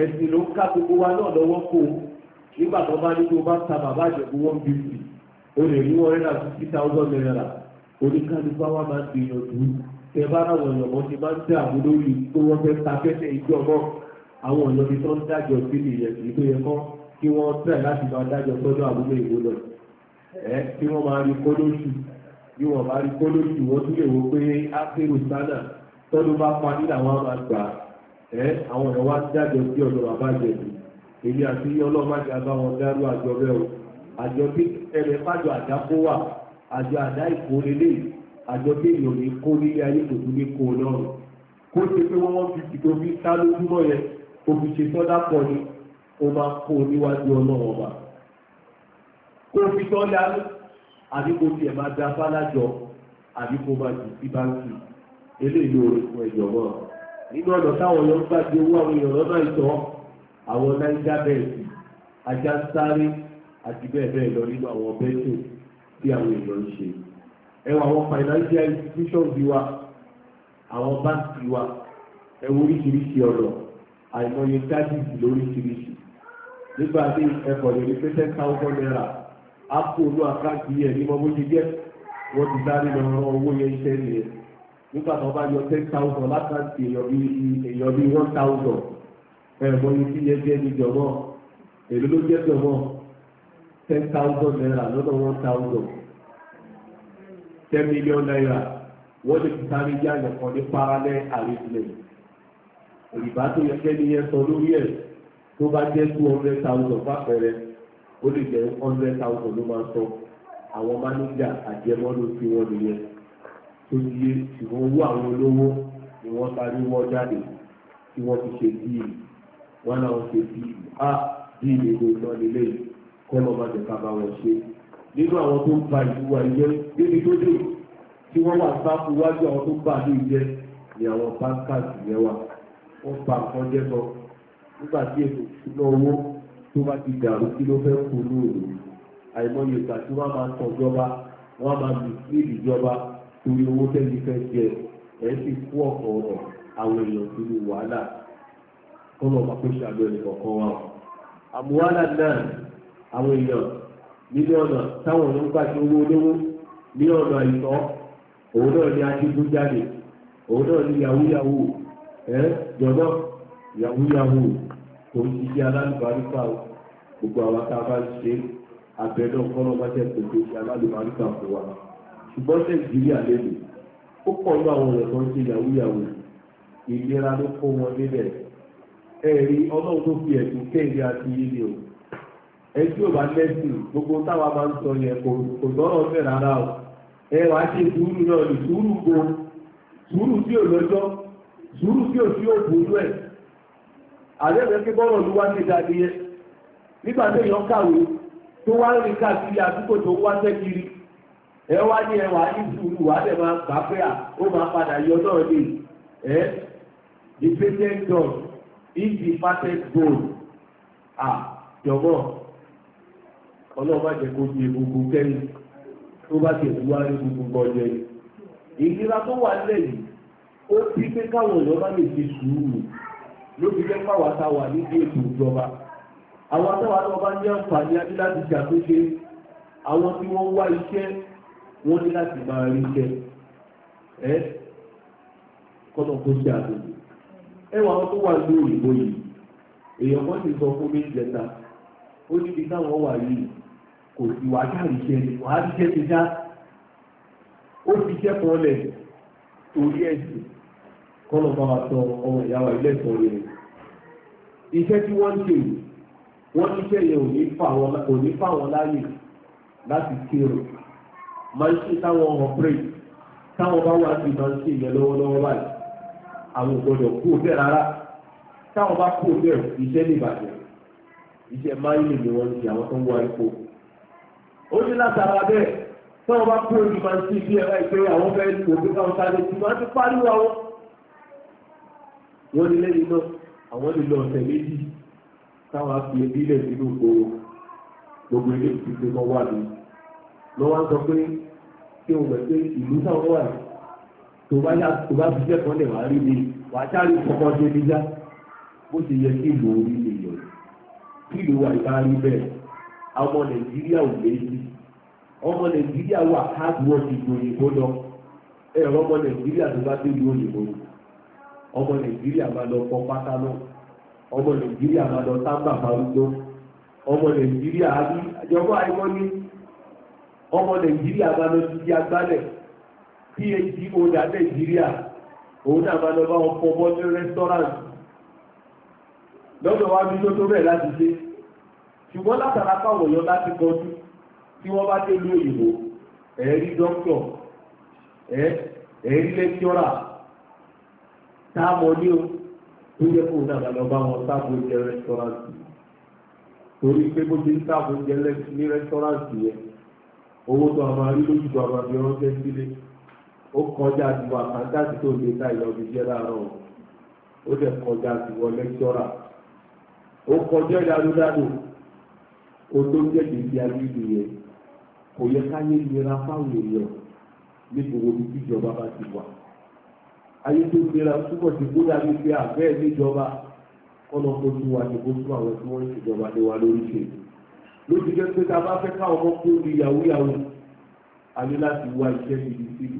ẹ̀sìn ló ń ká gbogbo wa náà lọ́wọ́ kó nígbà tó bá ní kí o bá ta bàbá àjẹkù one fifty o lè rí one hundred and fifty thousand naira oníkálukú wa máa ń gbìyànjú tẹ bá àwọn èèyàn wọn ti máa ń tẹ àbúrò yìí tó wọn fẹ́ ta fẹ́fẹ́ ìjọ náà àwọn èèyàn ti tán dájọ́ sí nìyẹn kì í tó yẹ kán kí wọ́n tẹ̀ láti máa dájọ́ sọ́dọ̀ àbúrò ìwò lọ ẹ kí wọ́n máa rí kó lóṣù bí wọ́n bá rí kó lóṣù wọ́n tún lè wo pé ápérò sánà tọ́dún bá parí làwọn máa gbà ẹ àwọn èèyàn wá dájọ́ sí ọ̀dọ̀ bàbá àjẹkù èyí àti ọlọ́mọdé àbáwọn dárú àjọ bẹ́ẹ̀ o àjọ bí ẹ̀rẹ̀ fájọ àdákó wà àjọ àdá ìkólélé àjọ bí èèyàn ní kó nílé ayé kò tún ní kó lọ́rùn kó ṣe pé wọ́n wọ́n fi tìtò fi sá lójúmọ́ yẹn kò fi ṣe sọ́dá pọ̀ ni ó máa kó níwájú ọlọ́wọ́ bá kó fi sọ́dá àbí kó tiẹ̀ máa da fálájọ àbí kó máa jù sí báńkì eléyìí ló rí fún ẹ̀jọ̀ náà nínú ọ̀nà táwọn èèyàn àwọn niger bẹ́ẹ̀sì ajá sáré àti bẹ́ẹ̀ bẹ́ẹ̀ lọ nínú àwọn betting tí àwọn èèyàn ń ṣe ẹwà àwọn financial institutions bí wa àwọn báńkì wa ẹwọ oríṣiríṣi ọ̀rọ̀ àìmọye charges lóríṣiríṣi nígbà tí ẹkọ̀ lè ní pẹ́tẹ́ káwọ́ náírà á kó olú àkáǹtì yẹn ní mọ́ bó ṣe jẹ́ wọ́n ti sáré lọ rán owó yẹn iṣẹ́ nìyẹn nígbà tó bá yọ ten thousand lákàntì èèyàn bíi one thousand ẹ̀rọ ní kí yẹn jẹ́ ní jọ̀mọ́ èlò ló jẹ́ jọ̀mọ́ ten thousand naira lọ́dọ̀ one thousand ten million naira wọ́n lè fi sáré yá nìkan ní parallel arrangement ìbá tó yẹ kẹ́ni yẹn sọ lórí ẹ̀ tó bá jẹ́ two hundred thousand fàpẹ̀rẹ̀ ó lè jẹ́ hundred thousand ló máa sọ àwọn mánéjà àjẹmọ́lò tí wọ́n nìyẹn tó ti yé ṣùgbọ́n owó àwọn olówó ni wọ́n sáré wọ́n jáde tí wọ́n fi ṣe díìlì wọn náà ṣe bí a bí ilé gbogbo nílé kọ́lọ́ má jẹ́ ká bá wọn ṣe nínú àwọn tó ń ba ìlú wa jẹ́ débi tó dé tí wọ́n wà sáfù wájú àwọn tó ń ba ìlú jẹ́ ni àwọn báńkàtì yẹn wà wọ́n ba nǹkan jẹ́ sọ nígbà tí ètò ìṣúná owó tó bá ti dàrú kí ló fẹ́ kó ní òru àìmọye ìgbà tí wọ́n máa tàn jọba wọ́n máa lù sí ìjọba torí owó tẹ́lifẹ́ jẹ ẹ̀ sì kú ọ̀pọ̀ ọ̀rọ̀ àwọn èèyàn sínú wàhálà kọ́nà ọba kó ṣàbí ọ̀nì kọ̀ọ̀kan wa o. àmúwálà náà àwọn èèyàn nínú ọ̀nà táwọn ọ̀nà ń gbà ṣe owó olówó ní ọ̀nà ìtọ́ òun náà ni adigunjalè òun náà ni yahoo ẹ jọ̀nà yahoo kò ń ṣiṣẹ́ alálùbáríkà o gbogbo àwọn tá a bá ń ṣe abẹ́nà kọ́nà ọba tẹ̀ kò ṣe alálùbáríkà fún wa ṣùgbọ́n nàìjíríà lẹ́nu ó pọ̀ ní àwọn ọ̀nà tó ń ṣe yahoo ìlera ló kó wọn níbẹ̀ ẹ̀rí ọlọ́run tó fi ẹ̀sùn kéde àti ilé o ẹtí ò bá lẹ́sìn gbogbo táwa máa ń sọ yẹn kò fẹ́ rárá o ẹ wàá ṣe sùúrù náà ní sùúrù gbo sùúrù tí ò lọ́jọ́ sùúrù tí ò sí òbúrú ẹ̀ àdébẹ̀ pé bọ́rọ̀ ló wá ní ìdádìyẹ nígbà tó yàn kàwé tó wá ń rìn káàkiri àdúgbò tó wá sẹ́kiri ẹ wá ní ẹwà wàá if the perfect goal ah jọ̀bọ̀ ọlọ́ọ̀bá jẹ́ kó di egungun kẹ́yìn tó bá jẹ́ ìwá egungun gbọ́jẹ́ ìnira tó wà lẹ́yìn ó bí pé káwọn èèyàn bá lè ṣe sùúrù ló fi jẹ́ pàwọ́ àtàwà nídìí ètò ìjọba àwọn àtàwà tó bá ní àǹfààní adé ṣàtúnṣe àwọn tí wọ́n wá iṣẹ́ wọ́n ní láti máa rí iṣẹ́ ẹ́ kọ́nà kó ṣe àdéhùn ẹwà wọn tó wà ní òyìnbó yìí èèyàn si ti sọ fún mi jẹta ó níbi táwọn wà yìí kò sí wàá káàrí jẹ jẹ já ó fi jẹ́ pọ́lẹ̀ torí ẹ̀sìn kọ́nà bá wa sọ ọmọ ilé tí wọ́n ṣe wọ́n níṣẹ́ yẹn ò ní fà wọ́n láyè láti máa ń ṣe táwọn ọmọ pray táwọn bá wà sí máa ń ṣe ìyẹn àwọn ògbọ́dọ̀ kú òfẹ́ rárá táwọn bá kú òfẹ́ iṣẹ́ lè bàjẹ́ iṣẹ́ máìlì ni wọ́n ti àwọn tó ń wá ipò ó ní látara bẹ́ẹ̀ táwọn bá kú òfin máa ń sí ibi ẹ̀rọ ìpè àwọn fẹ́ òfin káwọn sáré tí wọ́n ti pariwo àwọn wọ́n ní lẹ́yìn náà àwọn lè lọ ọ̀sẹ̀ méjì táwọn á fi ebi lẹ̀ sínú gbòòrò gbogbo ilé ìfipé mọ́ wà ní lọ́wọ́ sọ pé kí òun mẹ̀ pé ìlú táwọn wà yìí tó bá fífẹ́ kan lè wá rí wà kọ́kọ́ ṣe ní bó yẹ kí ìlú orí lè yọ kí ìlú wà ìbá rí bẹ́ẹ̀ ọmọ nàìjíríà ò ọmọ nàìjíríà wà hard work ìlú òyìnbó lọ ẹ ọ̀rọ̀ ọmọ nàìjíríà tó bá dé ìlú òyìnbó ọmọ nàìjíríà máa lọ fọ pátá náà ọmọ nàìjíríà máa lọ sábà ọmọ nàìjíríà á rí phd owner nàìjíríà òun náà máa lọ bá wọn fọ mọ́ ní restaurant lọ́dọ̀ wá bí tó tó bẹ̀ láti ṣe ṣùgbọ́n látara káwọn èèyàn láti kọjú tí wọ́n bá dé lú òyìnbó ẹ̀ẹ́rí dókítọ̀ ẹ̀ẹ́rí lẹ́kítọ́rà táàmọ́ ní o tó yẹ kó náà máa lọ bá wọn sáàbù oúnjẹ restaurant torí pé bó ti ń sáàbù oúnjẹ ní restaurant yẹn owó tó a máa rí lójú a máa fi ó kọjá ti wọ àkàntáàtì tó lè ta ìyọ̀bí jẹ́ láàárọ̀ ó dẹ̀ kọjá ti wọ lẹ́kítọ́rà ó kọjá ìdádúdádò kó tó ń jẹ́jẹ́ sí ayélu yẹn kò yẹ káyé nira fáwọn èèyàn ní gbogbo ibi tí ìjọba bá ti wà ayé tó nira túbọ̀ ti bóyá ní pé àbẹ́ẹ̀ níjọba kọ́nà kó tún wa ní kó tún àwọn tí wọ́n ń ṣèjọba lé wa lórí ṣe ló jẹ́ pé ta bá fẹ́ káwọn ọmọ kó ní yàwó yàwó a ní láti wá iṣẹ́ níbi síbi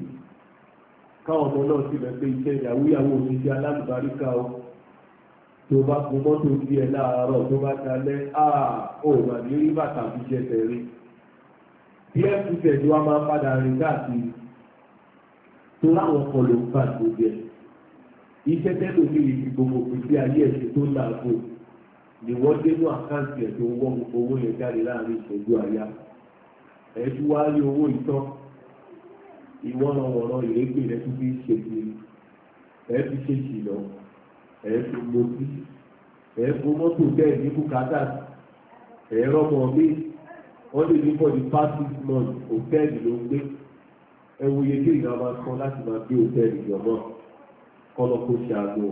káwọn ọmọ náà sì lọ pé iṣẹ́ ìyàwó ìyàwó mi ti alábùbáríkà o tó bá kun mọ́tò sí ẹ láàárọ̀ tó bá dalẹ́ àà ah, ò mà ní rí bàtà fi jẹ tẹ̀rí díẹ̀ tún tẹ̀lé wa máa padà rìn káàkiri tó láwọn kan ló ń bá gbogbo ẹ̀ iṣẹ́ tẹ́lẹ̀ mi lè fi gbogbo pèsè ayé ẹ̀sìn tó láàbò ni wọ́n dénú àkáǹtì ẹ̀ tó ń wọ́n owó yẹn jáde láàrin ìṣẹ́jú àyà ẹ̀ tún wá rí owó ìtọ́ ìwọ́n ọ̀rọ̀ ìrégbè rẹ̀ tó fi ṣe kiri ẹ̀ fi ṣe jìnà ẹ̀ fi mọ́tí ẹ̀ fo mọ́tò bẹ́ẹ̀ ní bùkátà ẹ̀ rọ́mọ mi wọ́n lè ní for the past six months òtẹ́ẹ̀lì ló ń gbé ẹ wo iye tí ìgbà máa kọ́ láti máa gbé òtẹ́ẹ̀lì yọ̀ mọ́ kọ́lọ́ kó ṣe àgbo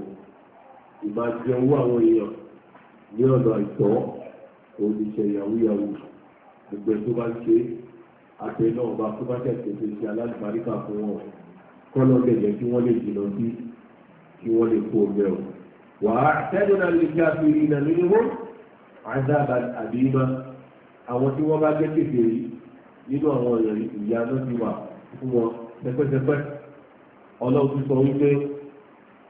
ìmáa jẹ owó àwọn èèyàn ní ọ̀nà àìtọ́ òun ìṣẹ̀yàwó yàwó gbogbo ẹ̀ tó bá ń ṣe é àti náà bá tó bá tẹ̀sí ṣe ṣe alágbàríkà fún wọn kọ́lọ́ gẹ̀gẹ̀ kí wọ́n lè jìnà sí kí wọ́n lè kó ọgbẹ́ o. wà á tẹ́lẹ̀ náà lè já fi iná nínú wọn àdáàbà àbíyímá àwọn tí wọ́n bá jẹ́ kékeré nínú àwọn èèyàn ìyá náà ti wà fún wọn pẹ́pẹ́pẹ́pẹ́ ọlọ́run ti sọ wípé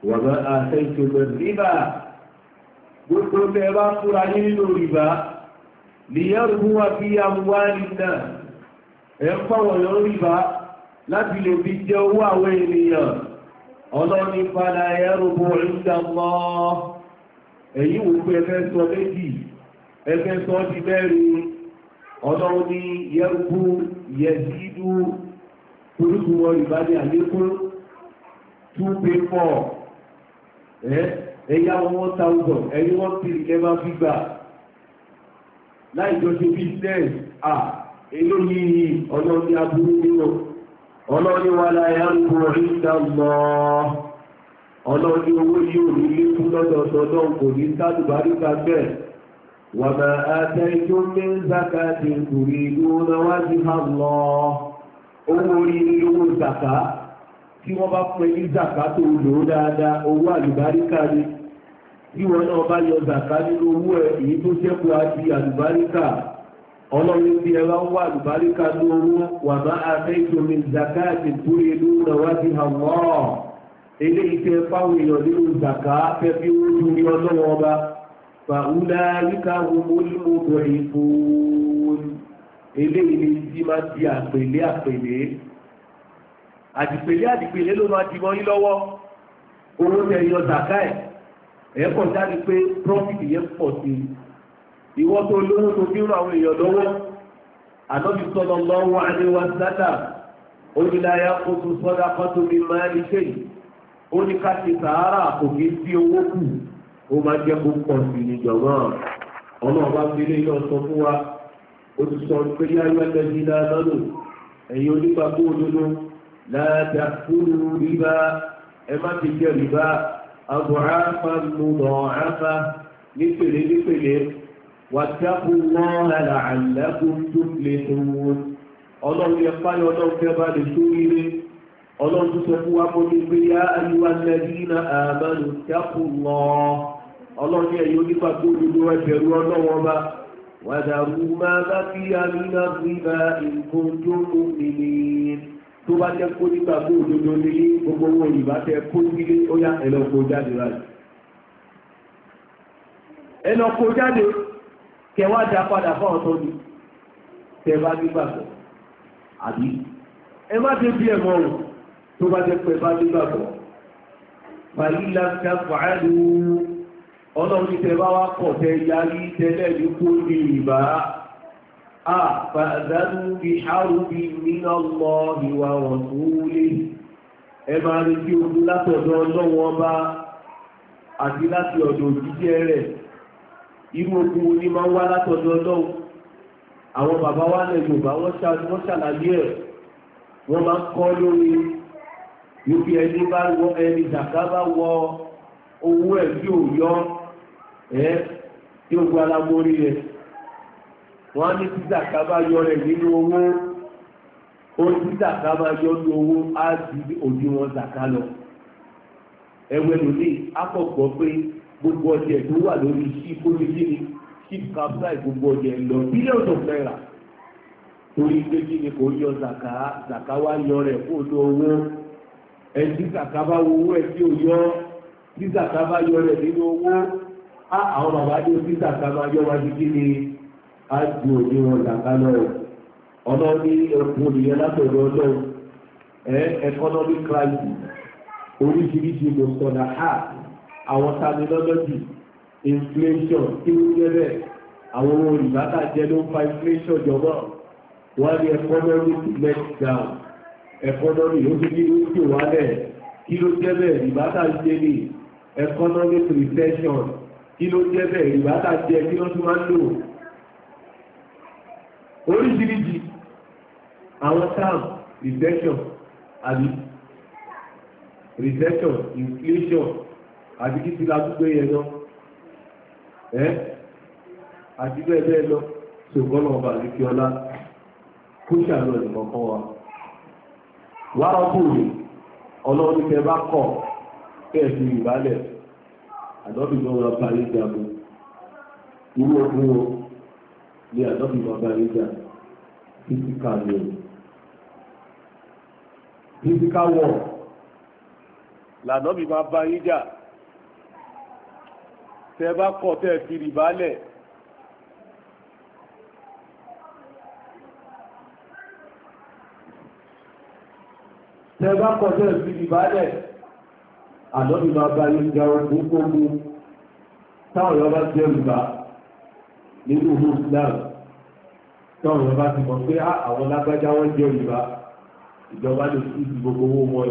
wà á àṣẹ ìṣòro rìbá gbogbo ẹ bá fúra nínú rìbá lìyẹ́rù wà fi àwọn wá nínú náà ẹ̀ ń pọ̀wọ̀ yọ rìbá láti lè fi jẹ owó àwọn ènìyàn ọlọ́ni padà ẹrùbọ̀ ìdàmọ́ èyí wò pé ẹfẹ́ sọ méjì ẹfẹ́ sọ di mẹ́rin ọlọ́ni yẹrùbù yẹ̀sídú orúkúwọ́ rìbá ní àlékún 2 pay 4 ẹ̀yà wọn 1000 ẹ̀yí wọ́n ti lè máa eléyìí ọ̀nà ní aburú nínú ọ̀nà ní wà láyé àrùkù ìdá mọ́ ọ̀nà ní owó yóò ní lékún lọ́dọ̀ tọ́lọ́ kò ní sádùbáríkà bẹ́ẹ̀ wà máa àtẹ́jú ní zaka ti kùrì lóra wá sí àlọ́ owó orí lówó zaka tí wọ́n bá pẹ́ ní zaka tó lò ó dáadáa owó àlùbáríkà ni bí wọn náà bá yọ zaka nínú owó ẹ̀ èyí tó ṣẹ́kù àti àlùbáríkà ọlọ́run bí ẹwà ń wà àlùbáríkà lóru wà má àfẹ́jọ mi zakati torí ìlú nàwádìí àwọ̀ eléyìí tẹ fáwọn èèyàn nínú zaka fẹ́fí ojú ní ọlọ́wọ́ ọba fàúlà ríkà homolimodo ìfún eléyìí ni tí máa di àpèlé àpèlé àdìpèlé àdìpèlé ló máa di mọ́yìn lọ́wọ́ owó tẹ zaka ẹ̀ ẹ̀kọ́ sáré pé prọ́fìtì yẹn pọ̀ sí i ìwọ tó lówó tó fi ń rọ àwọn èèyàn lọ́wọ́ ànábì sọ́dọ̀ lọ́wọ́ àníwá sátà ó ní láyá kó tó sọ́dá kan tó fi máa ní ṣe ó ní ká ti sàárà kò kí sí owó kù ó máa jẹ́ kó pọ̀ sí ní jọ̀mọ́ ọmọ ọba fílé náà sọ fún wa ó ti sọ pé ní ayọ́lẹ́ ní lánàánù ẹ̀yin onígbàgbọ́ òdodo láàdá fúru rìbá ẹ má ti jẹ rìbá àbọ̀ àfà nù nà àfà nípele nípele واتقوا الله لعلكم تفلحون ọlọ́run yẹ fáyọ ọlọ́run kẹba lè sóríire ọlọ́run tó sọ fún wa kó ní pé yá ayúwa lẹ́dínà àmàlù kẹ́kù lọ ọlọ́run yẹ yóò nípa tó dúdú ẹgbẹ̀rún ọlọ́run wàdàrú máa bá fi àmìnà gbígbà nǹkan tó mú mi ní tó bá jẹ́ kó nípa tó dúdú ní gbogbo owó ìbátẹ́ kó nílé ó yá ẹlọ́kọ̀ jáde rà ẹlọ́kọ̀ jáde kẹwàá dá padà fáwọn tó ní tẹ̀bá nígbàgbọ́ àbí ẹ má dé bí ẹ̀mọ́ rò tó bá jẹ́ pé bá nígbàgbọ́ fàyílà ká fàálù ọlọ́run ní tẹ̀bá wá pọ̀ tẹ bá àti láti ọ̀dọ̀ òjíṣẹ́ rẹ̀ irú ogun wo ni máa ń wá látọ̀dọ̀ ọlọ́run àwọn bàbá wa lẹ̀ yorùbá wọ́n ṣàlàyé ẹ̀ wọ́n máa ń kọ́ lórí yóò ẹni bá wọ ẹni zàká bá wọ owó ẹ̀ tí ò yọ ẹ́ tí ó gba rẹ̀ wọ́n á ní tí zàká bá yọ rẹ̀ nínú owó ó ní zàká bá yọ ní owó á di òdiwọ̀n zàká lọ ẹ̀wẹ̀ lónìí á kọ̀ gbọ́ pé gbogbo ọjà tó wà lórí ship oníṣẹ́ni ship capsize gbogbo ọjà lọ billions of naira torí pé kí ni kò yọ zàkà zàkà wá yọ rẹ̀ kó lo owó ẹtí zàkà bá wo owó ẹtí ò yọ tí zàkà bá yọ rẹ̀ nínú owó á àwọn bàbá tó tí zàkà bá yọ wá sí kí ni á ju òní wọn zàkà lọ ọlọ́ọ̀ni ẹ̀kún nìyẹn látọ̀dọ̀ ọlọ́run ẹ̀ economic crisis oríṣiríṣi mọ̀sọ̀dà hard àwọn terminology inflation tí ó jẹ́ bẹ́ẹ̀ àwọn ohun ìbátà jẹ́ ló ń fa inflation jọmọ́ wọ́n ní economic down, economy ó ti ní ojú wálẹ̀ kí ló jẹ́ bẹ́ẹ̀ ìbátà jẹ́ ní economic recession kí ló jẹ́ bẹ́ẹ̀ ìbátà jẹ́ kí ló tún máa ń lò oríṣiríṣi àwọn term recession àbí recession inflation àti kí ti la gbígbé yẹn lọ ẹ́ àti bẹ́ẹ̀ bẹ́ẹ̀ lọ ṣògbọ́n ọba àríkí ọlá kó ṣàlù ẹ̀nìkan kan wa wárọ́bùrì ọlọ́run tẹ bá kọ̀ bẹ́ẹ̀ fi ìbálẹ̀ àdọ́bì náà wọn bá yín irú ogun o ní àdọ́bì náà bá yín jà físíkà ni o físíkà wọ̀ làdọ́bì máa bá yín tẹ bá kọ́ tẹ fi rìbá lẹ̀ tẹ bá kọ́ tẹ fi rìbá lẹ̀ àlọ́bí máa bá yín ga ogun gbogbo táwọn yọba jẹ́ rìbá nínú Islam táwọn yọba ti mọ̀ pé ah, àwọn lágbájá wọn jẹ́ rìbá ìjọba lè fi ti gbogbo owó mọ́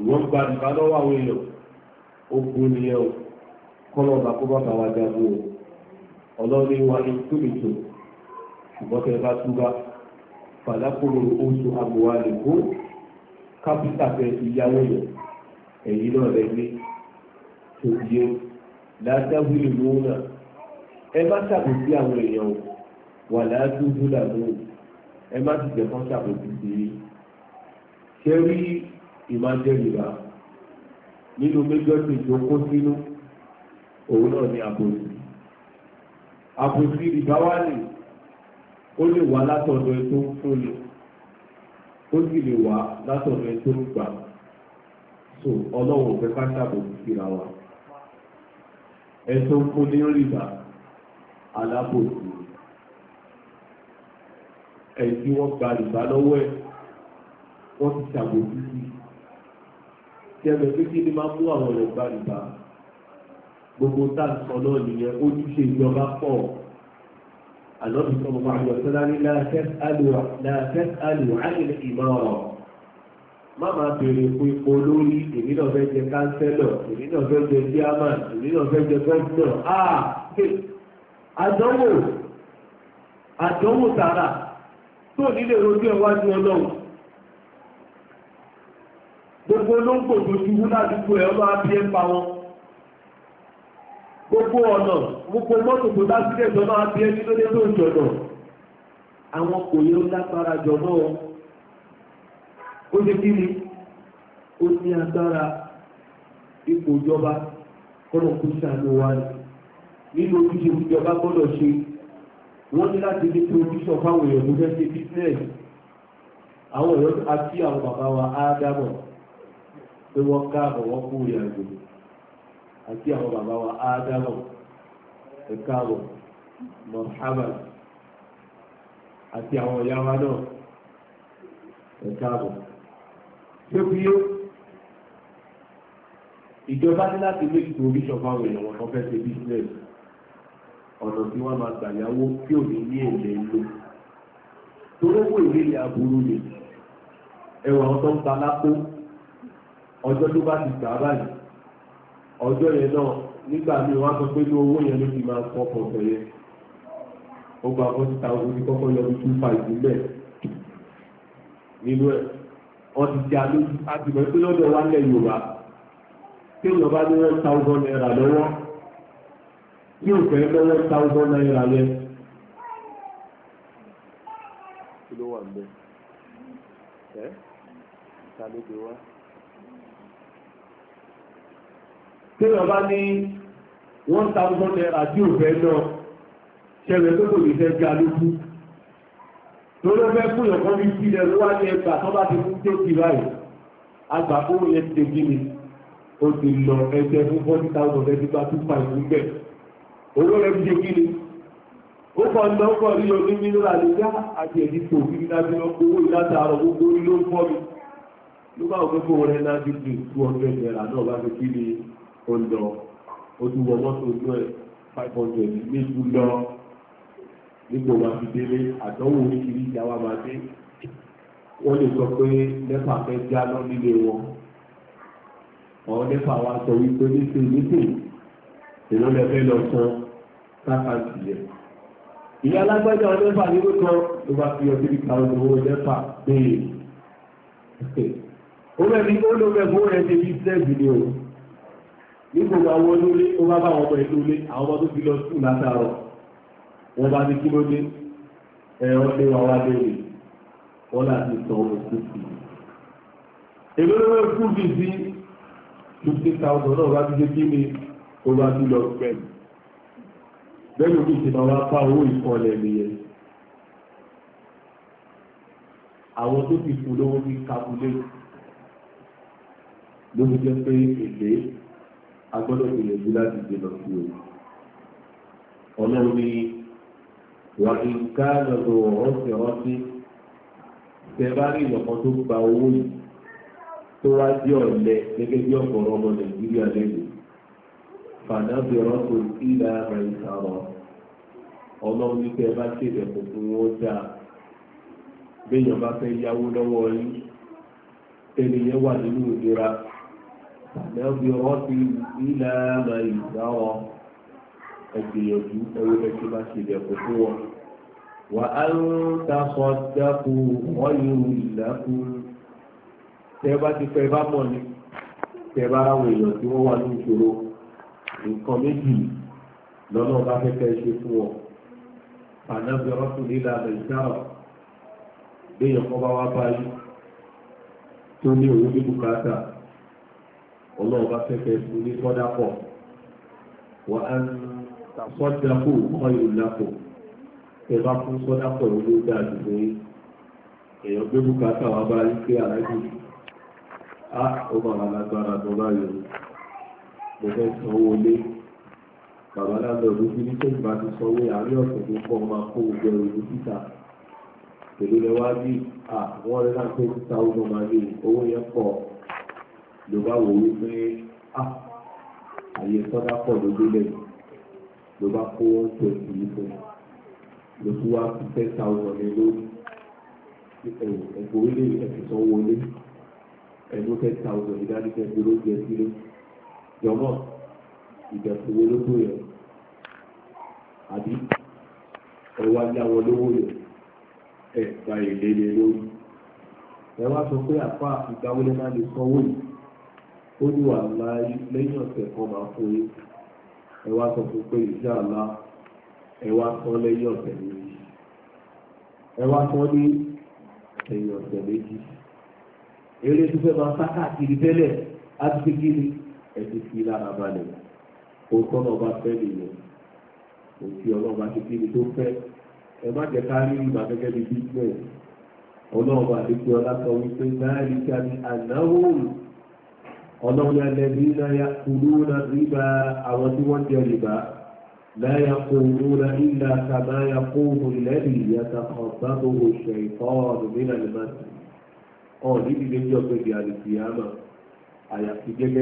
ìwọ́n gba rìbá àwọn èèyàn ó gbó nìyẹn o kọ́lọ́ọ̀bà kó bá bàwà jágbó ọlọ́rin wa ní tóbìtò ṣùgbọ́n tẹ́ bá túbá fàdákòrò oṣù àbúwá lè kó kápítà fẹ́ ìyáwó yẹn èyí náà rẹ̀ gbé tó yẹ látàwílì lóhùnà ẹ má ṣàbòsí àwọn èèyàn wà látúndú làwọn ẹ má sì jẹ́ kán ṣàbòsí sí i ṣé rí ìmájẹ́ rìbá nínú méjọ́sì tó kó sínú òun náà ni àbòsí àbòsí ìbáwálì ó lè wá látọ̀dọ̀ ẹ tó ń fúnni ó sì lè wá látọ̀dọ̀ ẹ tó ń gbà so ọlọ́run òfẹ́ ká ṣàbòsí síra wa ẹ tó ń fúnni rìbá alábòsí ẹ̀ tí wọ́n gba rìbá lọ́wọ́ ẹ̀ wọ́n ti ṣàbòsí sí kí ẹ bẹ̀ pé kí ni máa mú àwọn ọ̀rẹ́ gba rìbá gbogbo táǹsọ náà nìyẹn ojúṣe ìjọba pọ̀ àlọ́bí sọmọ máa yọ sọ́lá ní láàfẹ́s àlù àìlẹ̀ ìmọ̀ràn má máa béèrè fún ipò olórí èmi náà fẹ́ jẹ kánsẹ́lọ̀ èmi náà fẹ́ jẹ chairman èmi náà fẹ́ jẹ gómìnà áà àdánwò àdánwò tààrà tó nílé rojú ẹwájú ọlọ́run gbogbo olóńgbò tó ti wú ládùúgbò ẹ̀ ọlọ́ abiyẹ́ pa wọn gbogbo ọ̀nà gbogbo mọ́tò tó bá sílẹ̀ jọ náà bí ẹni lóde ló ń jọ̀nà àwọn kò yẹ lágbára jọ náà ó ṣe kí ni ó ní agbára ipò ìjọba kọ́nà kó ṣàánú wa nínú ojúṣe ìjọba gbọ́dọ̀ ṣe wọ́n ní láti ní provision fáwọn èèyàn tó fẹ́ ṣe business àwọn èèyàn àti àwọn bàbá wa á dábọ̀ pé wọ́n káàbọ̀ wọ́n kú ìrìnàjò àti àwọn bàbá wa ádámọ̀ ẹ̀káàbọ̀ mohammed àti àwọn ìyá wa náà ẹ̀káàbọ̀ tó fi yó ìjọba ní láti méjì tó bí ṣọ̀fà àwọn èèyàn wọn fẹ́ ṣe bísíǹnẹ̀sì ọ̀nà tí wọ́n máa gbàyàwó kí ò ní ní èlé lò torí owó ìwé ni aburú ni ẹwà ọ̀tọ̀ ń ta lápò ọjọ́ tó bá ti gbà báyìí ọjọ́ yẹn náà nígbà míì wọ́n á sọ pé ní owó yẹn ló ti máa kọ́ ọ̀pọ̀ yẹn ó gba forty thousand ti kọ́kọ́ yọ ní two five níbẹ̀ nínú ẹ̀ wọ́n ti ti alójú àtìmọ́ pé lọ́dọ̀ wa lẹ̀ Yorùbá téèyàn bá ní one thousand naira lọ́wọ́ tí ò fẹ́ lọ́wọ́ one thousand naira yẹn. kí ló wà ń bẹ ẹ ta ló tẹ́lọ̀ bá ní one thousand naira tí ò fẹ́ náà ṣẹlẹ̀ tó kò ní fẹ́ ga lójú lórí ọfẹ́ fún ìyọ̀kan bí sílẹ̀ ló wá ní ẹgbà tó bá ti fún tẹ́kì báyìí àgbà fún yẹn ti tẹ́kì ni ó ti lọ ẹgbẹ́ fún forty thousand ẹgbẹ́ bá tún fà ìlú bẹ̀ owó rẹ̀ ti tẹ́kì ni ó kọ́ ní ọkọ̀ ní oní mínúra lè yá àti ẹ̀dí tó fi ní lábẹ́ ọkọ̀ owó ìlàtàrọ̀ gbogbo orí ló ń fọ́ mi ló bá òfin fún rẹ̀ náà ti di two hundred naira náà bá fi kí ni ó lọ ó tún wọ mọ́tò ojú ẹ̀ five hundred ilé tún lọ nígbà wà fi délé àdánwò oríṣiríṣi àwa máa dé wọ́n lè sọ pé nẹ́pà fẹ́ jáná nílé wọn àwọn nẹ́pà wa sọ wípé níṣe níṣe ìlú lẹ fẹ́ lọ san káàkiri yẹn ìyá alágbájá ọdún nẹ́pà nínú kan ló bá fi ọdún ìka ọdún owó nẹ́pà béèrè ó lẹ́ni ó ló mẹ́fọ́ rẹ̀ ṣe bí sẹ́ẹ̀dì ni o nígbò bá wọ́n lólé ó bá bá wọn bọ̀ ètò lé àwọn ọmọ tó fi lọ sùn látàrọ wọ́n bá ní kí ló dé ẹ̀rọ lé wa wá léèrè wọ́n láti sọ ohun tó fi. èlò ló ń fún mi sí fifty thousand náà bá ti dé kí ni ó bá ti lọ pẹ̀lú. bẹ́ẹ̀ni omi ìṣèlú wa pa owó fún lówó ní kábúlé ló jẹ́ pé èlé agbọ́dọ̀ gbìyànjú láti gbé lọ sí o. ọlọ́run ní wà ní káàlọ́dọ̀ ọ̀sẹ̀ ọ̀sẹ̀ tẹ bá rí ìyọ̀kan tó gba owó yìí tó wá dé ọ̀lẹ gẹ́gẹ́ bí ọ̀gọ̀rọ̀ ọmọ nàìjíríà lẹ́nu fàdábẹ̀rọ̀ tó sí lára ìsàrọ̀ ọlọ́run ní tẹ bá ṣèlẹ̀kùn fún wọn dáa béèyàn bá fẹ́ yáwó lọ́wọ́ yín ẹnìyẹn wà nínú ìlera lẹ́bìrọ́tì ilẹ̀ àmà ìdáwọ̀ ẹgbìyànjú ẹwọ́lẹ́ tí bá ṣe dẹ̀kọ̀ fún wọn. wà á ń tasọ̀ dákú ọ̀yìn ìdákú tẹ́ bá ti fẹ́ bá mọ̀ ni tẹ́ bá ráwọ̀ èèyàn tí wọ́n wà ní ìṣòro nǹkan méjì lọ́nà bá fẹ́ fẹ́ ṣe fún wọn. ànábìrọ́tì ilẹ̀ àmà béèyàn kọ́ bá wá báyìí tó ní òun ní bùkátà ọlọ́run bá fẹ́fẹ́ fún ní sọ́dápọ̀ wà á ń sọ́dápọ̀ kọ́ ìrùlápọ̀ tẹ bá fún sọ́dápọ̀ ló dáa jù pé èèyàn gbé bùkátà wà bá rí pé àrẹ́jù á ó bàbá lágbára tó báyìí mo fẹ́ sanwó lé bàbá lábẹ́ òdú bí nítorí ìgbà ti sanwó àárín ọ̀sẹ̀ tó pọ̀ máa kó gbogbo ẹrù ní títà pẹ̀lú lẹ́wájú à wọ́n rẹ́ láti pé títà ó lọ́ máa ní owó yẹn pọ̀ ló bá wò wípé ah, àyè sọ́dá pọ̀ lójúlẹ̀ ló bá kó one twenty yìí fún ló tún wá fi ten thousand ní lórí ẹ̀gbọ́n ilé ẹ̀fìsàn wọlé ẹ̀dún ten thousand ìdánilẹ́ ìdúró jẹ sílé jọmọ́ ìdẹ̀kùnwó ló tó yẹ àbí ẹwà yáwọ lówó yẹ ẹ̀ka èlé lé lórí ẹ wá sọ pé àpá ìgbàwọlé máa lè sanwó yìí. ó ní wà lẹ́yìn ọ̀sẹ̀ kan máa fún yín ẹ wá sọ fún pé ìṣe àlá ẹ wá sọ lẹ́yìn ọ̀sẹ̀ méjì ẹ wá sọ ní ẹ̀yìn ọ̀sẹ̀ méjì eré tó fẹ́ máa tẹ́lẹ̀ kí ni ẹ ti fi lára balẹ̀ kó tọ́nà bá fẹ́ nìyẹn kò sí ọlọ́ba ti kí ni tó fẹ́ ẹ má jẹ́ ká rí ìgbà gẹ́gẹ́ bí bísíǹnẹ̀sì ọlọ́run alẹ́bínà ya kúrú na ríbà àwọn tí wọ́n jẹ rìbá láyà kúrú na ìlà kàmá ya kúrú lẹ́bí yàtà ọ̀bá gbogbo ṣẹ̀tọ́ ọ̀dùnmínà lẹ́mọ́sí ọ̀ní ìdílé ní ọ̀gbẹ́ di àlùfíàmà àyàfi tó ní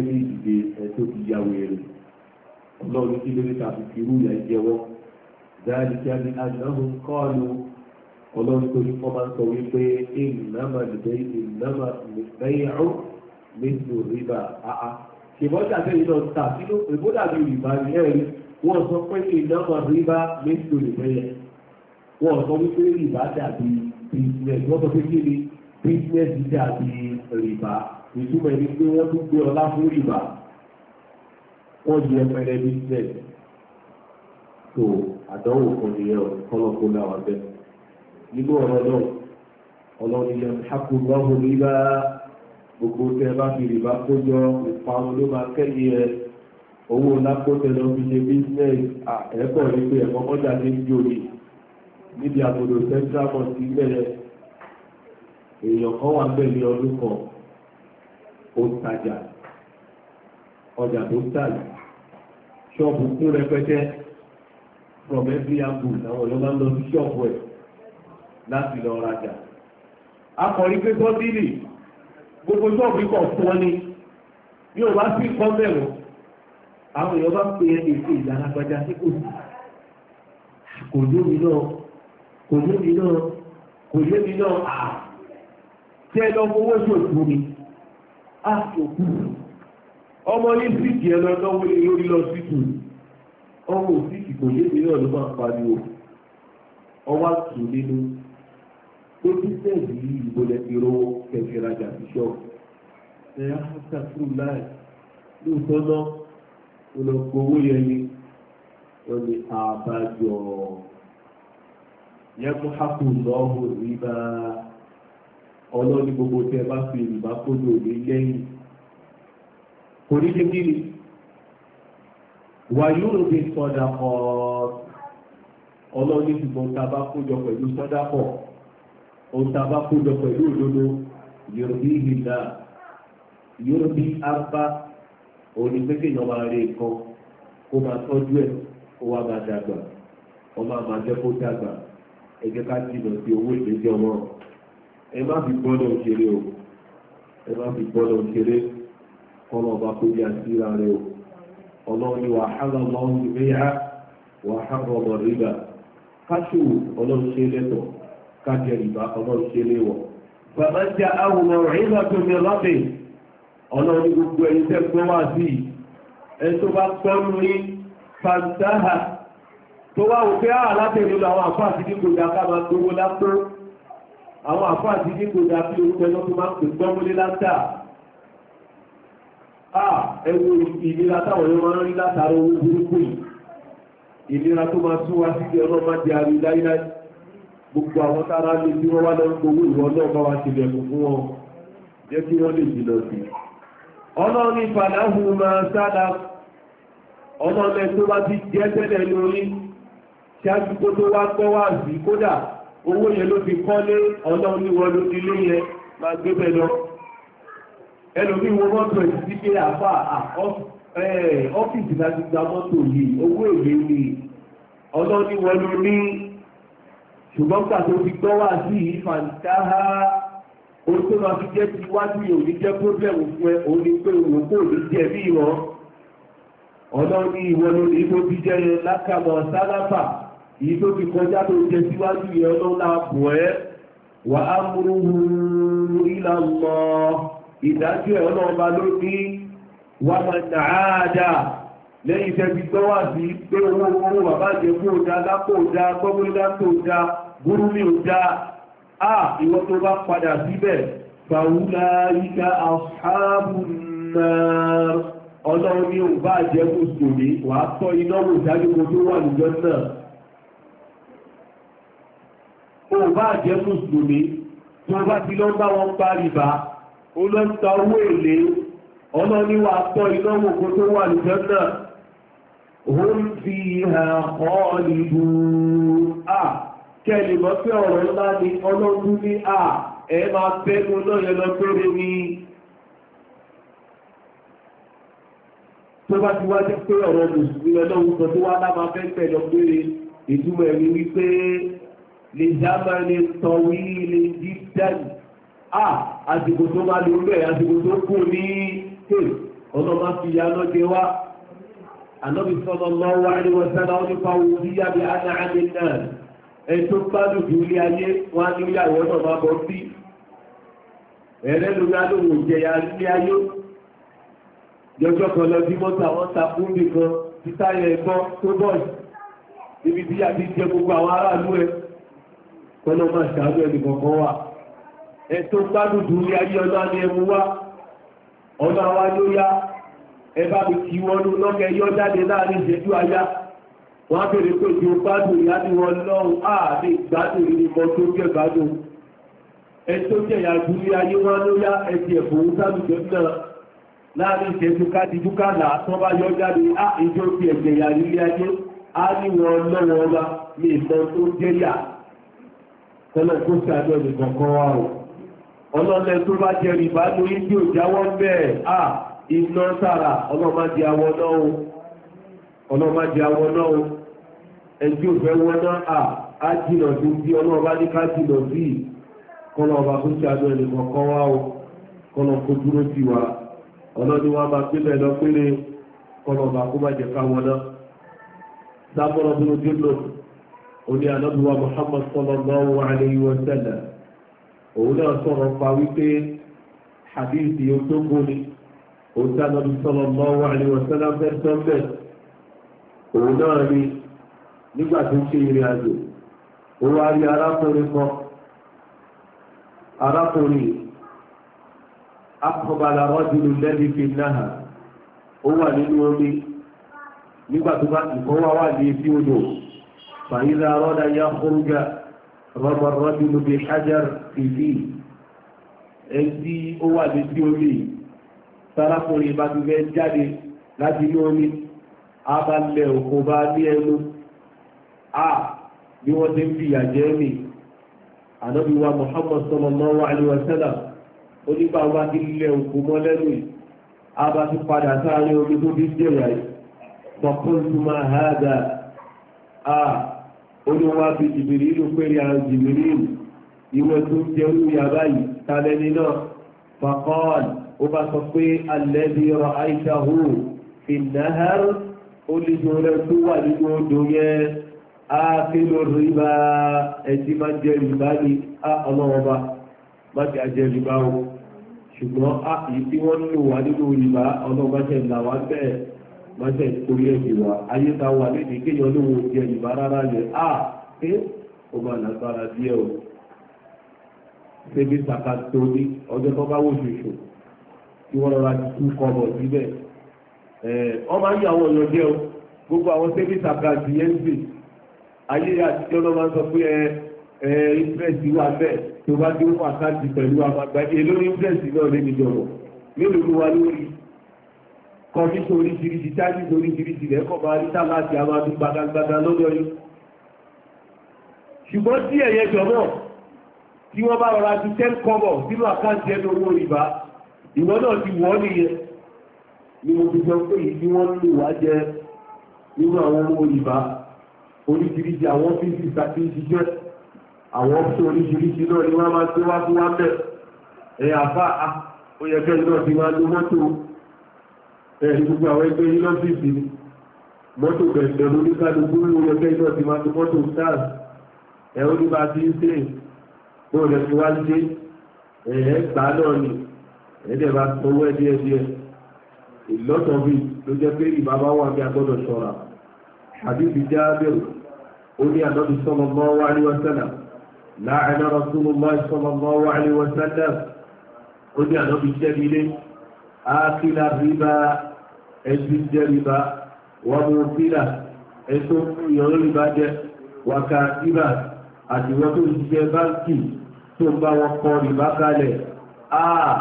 kọ́ máa ń sọ wípé ìnáma lè méjì rìbá àá ìbọ́jà tẹ́ iná ta sínú ìbúdà bí rìbá ní ẹ̀rí wọ́n sọ pé ìnáwó rìbá méjì rìbá yẹn wọ́n sọ wípé rìbá dàbí business wọ́n sọ pé kí ni business dàbí rìbá ìtumọ̀ ẹni pé wọ́n tún gbé ọlá fún rìbá wọ́n di ẹpẹrẹ business tó àdánwò kan nìyẹn kọ́lọ́kọ́ náà wà bẹ́ẹ̀ nínú ọ̀rọ̀ náà ọlọ́run yẹn ṣàkóso ọ̀hún rìbá gbogbo tẹ bá fi rìbá kójọ ìparun ló máa kẹ́yìn ẹ owó lákòótẹ lọ fi ṣe bísínẹ́ẹ̀sì ẹ̀kọ́ rí pé ẹ̀kọ́ mọ́jà ní jòlì níbi àgbòdò central mosque ìgbẹ̀rẹ̀ èèyàn kan wà bẹ́ẹ̀ ní ọdún kan ó ń tajà ọjà tó ń tàlù ṣọ́ọ̀bù kún rẹpẹtẹ from every angle àwọn èèyàn máa ń lọ sí ṣọ́ọ̀bù ẹ̀ láti lọ rajà akọrin pé bọ́dílì gbogbo ṣọ́ọ̀bù ikọ̀ fún wọn ni yóò bá sí ikọ̀ mẹ́rọ àwọn èèyàn bá ń pè ẹni ìfẹ́ ìjà alágbájá sí kò sí kò lómi náà kò lómi náà kò lómi náà à tí ẹ lọ fowó ṣòkú mi á ṣòkú ọmọ ní síìkì ẹ lọ lọ́wọ́ e lórí lọ síìkì ọmọ òsìkì kò lómi náà ló máa pariwo ọwọ́ àtúndínú pé bísẹ̀ẹ̀sì yìí ìbọlẹ̀ fi rówó kẹfì rajà fi ṣọ́ ẹ̀yà sàkúrù láì lóòótọ́ náà ó lọ gbowó yẹn ni wọ́n ní àbájọ yẹn mú hákù lọ́hùn rí bá ọlọ́ni gbogbo tẹ bá fi ìrìbá kódò ní lẹ́yìn kò ní ṣe kíni wà yóò gbé sọ́dà kọ́ ọlọ́ni ṣùgbọ́n tá a bá kójọ pẹ̀lú sọ́dà kọ́. ohun tá a pẹ̀lú òdodo yorùbá ìhìlá yorùbá àbá òní pé kéèyàn máa rí kó máa tọ́jú ẹ̀ kó wá máa dàgbà ọmọ àmà jẹ́ kó dàgbà ẹ ká jìnà sí owó ọmọ ẹ má fi gbọ́dọ̀ kéré o ẹ má fi gbọ́dọ̀ kéré kọ́nà ọba kó yá síra rẹ o ọlọ́run ni wàhálà kájẹ ìbá ọlọ́run ṣe léwọ̀. bàbá jẹ́ àwòrán ìlà tó mi lábẹ́ ọlọ́run gbogbo ẹni tẹ́ gbọ́ wá sí i ẹni tó bá gbọ́ ní fantaha tó wá òfin àà ah, látẹ̀lú àwọn àfáà ti dín kòjà ká máa gbowó lápò àwọn àfáà ti dín orúkọ ẹjọ́ tó máa ń pè gbọ́múlé láńtà ah, ẹwọ ìnira táwọn yóò máa ń rí látara owó burúkú yìí ìnira tó máa tún wá sí ọlọ́run má di àrí láíláí gbogbo àwọn tára ní tí wọ́n wá lọ ń gbowó ìwọ náà bá wa ti lẹ̀kùn fún wọn jẹ́ kí wọ́n lè jìnà sí ọlọ́run ìfàdáhù máa sáadà ọlọ́run tó bá ti jẹ́ tẹ́lẹ̀ lórí ṣáájú kó tó wá gbọ́ wá sí kódà owó yẹn ló fi kọ́lé ọlọ́run ní wọn ló ti lé yẹn máa gbé bẹ́ẹ̀ lọ ẹlòmí wo mọ́tò ẹ̀ sí pé àfà ọ́fíìsì láti gba mọ́tò yìí owó èlé ni ọlọ́run wọn ló ní ṣùgbọ́n pàtó ti gbọ́ wà sí ìfàǹtáhá ohun tó máa fi jẹ́ ti wájú òní jẹ́ pọ́blẹ̀mù fún ẹ òun ni pé òun kò ní jẹ́ bí ìwọ ọlọ́run ní ìwọ ní tó ti jẹ́ yẹn lákàmọ́ sálábà èyí tó ti kọjá tó jẹ síwájú yẹn ọlọ́run náà bọ̀ ẹ́ wà á múrú ìlànà ìdájọ́ ẹ̀ ọlọ́run bá ló ní wà máa nà áádá lẹ́yìn tẹ́bi gbọ́wà sí pé owó owó bàbá jẹ́ kó o dá lápò dá gbọ́gbọ́dá tó dá gúrú mi ò dá à ìwọ tó bá padà síbẹ̀ fàwúlá yíká àfáàbùnnáà ọlọ́run ní òun bá jẹ́ mùsùlùmí wà á tọ́ iná wò dájúkọ tó wà níjọ́ náà òun bá jẹ́ mùsùlùmí tó bá ti lọ bá wọn pa ó lọ ta owó èlé ọlọ́run ní wà á tọ́ iná wò kó tó wà níjọ́ náà òun fi hàn kọ́ ọ́ nìbú à kẹ́lì mọ́ pé ọ̀rọ̀ ńlá ni ọlọ́run ní à ẹ máa bẹ́nu lọ́yẹ lọ péré ni tó bá ti wá jẹ́ pé ọ̀rọ̀ mùsùlùmí ọlọ́run kan tó wá láma fẹ́ pẹ̀lọ péré ìtumọ̀ ẹ̀rí wípé lè dábàá lè tọ̀wí lè dídánì à àsìkò tó bá lè rẹ̀ àsìkò tó kù ní ọlọ́mọ fi ya lọ́jẹ́ wá ànábì sallallahu alaihi wasallam nípa òbí yàbí àná àmì náà ẹ̀tọ́ pàdù bí ilé ayé wọ́n ní ilé àwọn ọmọ bọ́ sí ẹ̀rẹ́ lórí alóhùn ìjẹyà ilé ayé lọ́jọ́ kan lọ bí mọ́tà wọ́n ta fún nìkan títà yẹn gbọ́ tó bọ̀ níbi tí a ti jẹ gbogbo àwọn aráàlú ẹ kọ́nà máa ṣàánú ẹnì kọ̀ọ̀kan wà ẹ̀tọ́ pàdù bí ilé ayé ọlọ́ ni ẹmu wá ọlọ́ àwa ló yá ẹ bá mi kí wọ́n lọ́kẹ́ yọ jáde láàrin ìṣẹ́jú àyá wọ́n á bèèrè pé ju gbádùn ìyá ni wọ́n lọ́rùn ààrẹ ìgbádùn ìrìnmọ tó jẹ́ gbádùn ẹ tó jẹ́ ìyá àdúrí ayé wọn ló yá ẹtì ẹ̀fọ́ ń sálùjọ́ náà láàrin ìṣẹ́jú kájíjú kálà tán bá yọ jáde á ìjọ ti ẹ̀jẹ̀ ìyá nílé ayé á ní wọn lọ́wọ́ ọba ní ìmọ̀ tó jẹ́ yà tọ́lọ̀ kó ṣàjọ nìkan kan wá o ọlọ́lẹ̀ tó bá jẹ rìbá lórí tí ò jáwọ́ bẹ́ẹ̀ à iná sára ọlọ́mọdé àwọn náà ọlọ́run má jẹ́ àwọn náà o ẹjú òfẹ́ wọn náà à á jìnà tó bí ọlọ́run bá ní ká jìnà bí kọ́nà ọba tó ṣe àdó ẹnì kọ̀ọ̀kan wá o kọ́nà kó dúró sí wa ọlọ́run wa máa pé bẹ́ẹ̀ lọ péré kọ́nà ọba kó má jẹ́ káwọn náà sábọ́n dúró dé lọ òní ànábìwá Muhammad sallallahu alayhi wa sallam òun náà sọ̀rọ̀ pa wípé hadithi yóò tó kú ni òun sábà sallallahu alayhi wa sallam fẹ́ sọ́ńbẹ́ẹ̀ òun náà rí nígbà tó ṣe ìrìn àjò ó wá rí arákùnrin kan arákùnrin akọbala rọ́jùlù lẹ́ni fi náà ó wà nínú omi nígbà tó bá ìkọ́wà wà ní etí odò fàyílà rọ́dà yá kúrúgà rọ́mọ rọ́jùlù bí hajar fìdí ẹni ó wà ní etí omi sárákùnrin bá ti fẹ́ jáde láti ní omi abalẹ̀ òkú bá ní ẹnu a bí wọ́n ti ń fi ìyàjẹ́ mi ànábi wa Muhammad sallallahu O wa sallam onígbà wa òkú mọ́ lẹ́nu a bá ti padà sáré omi tó ti jẹ̀yà yìí fọkúntù a olùwà fi jìbìrì ìlú péré àwọn jìbìrì ìlú ìwé tó ń jẹ́ òyà báyìí tàbẹ́ni náà faqal ó olùdó rẹ̀ tó wà nínú odò yẹn ákélò rìbá ẹtí máa jẹ rìbá ní ọlọ́wọ́ba má ti àjẹ rìbá o ṣùgbọ́n àyè tí wọ́n lò wá nínú rìbá ọlọ́wọ́ba ṣe là wá bẹ́ẹ̀ má ṣe torí ẹ̀jẹ̀ wá ayé ta wà nídìí kéèyàn ló wo jẹ rìbá rárá yẹn á ké ó máa lágbára díẹ̀ o ṣébi sàkàtò ní ọjọ́ tó bá wò ṣoṣo tí wọ́n rọra ti tú kọ́ bọ̀ síbẹ̀ ọmọ ayé àwọn èèyàn jẹ́ o gbogbo àwọn service account yẹn ń sìn ayé àtijọ́ náà máa ń sọ pé ẹ eh, eh, interest wà bẹ́ẹ̀ tó bá dé fún àkáǹtì pẹ̀lú àgbàgbà èlò interest náà lé níjọ̀wọ́ mélòó ló wá lórí commission oríṣiríṣi charges oríṣiríṣi lẹ́kọ̀ọ́ máa rí sáláàtì àwọn àti gbadagbada lọ́dọ̀ yìí ṣùgbọ́n tí ẹ̀yẹ jọ̀mọ́ tí wọ́n bá rọra ti ten kọ́bọ̀ sínú àkáǹtì ẹnu owó rìbá ìwọ náà ti wọ́ nìyẹn ni mo ti jọ pé ìdí wọ́n lè wá jẹ nínú àwọn ọmọ òyìnbá oríṣiríṣi àwọn fíìsì tàbí ìṣiṣẹ́ àwọn ọ́pṣọ́ oríṣiríṣi náà ni wọ́n máa tó wá fún wá bẹ̀ ẹ̀yà àfá ó yẹ kẹ́ náà ti máa lo mọ́tò ẹ̀rí gbogbo àwọn ẹgbẹ́ yìí lọ́fíìsì ni mọ́tò bẹ̀rẹ̀ lórí kálukú ló yẹ kẹ́ náà ti máa lo mọ́tò stars ẹ̀rọ ní bá ti ń ṣe bóòlù ẹ̀sìn wá ṣe ẹ̀ẹ́ gbà náà ni ẹ̀ẹ́dẹ̀ bá sanwó ẹ̀ díẹ̀díẹ̀ ìlọ́tọ̀ bí ló jẹ́ pé ìbábá wà bí agbọ́dọ̀ ṣọ́ra àbíbi jábẹ̀rù ó ní àdọ́bí sallallahu alaihi wasallam la'ana rasulullah sallallahu alaihi wasallam ó ní àdọ́bí jẹ́bilé ákílà rìbá ẹ̀sìn jẹ́ rìbá wà mú kílà ẹ̀sùn ìyọ̀rọ̀ rìbá jẹ́ wàkà rìbá àdìwọ́ tó jẹ́ báńkì tó bá wọn kọ rìbá ah, àà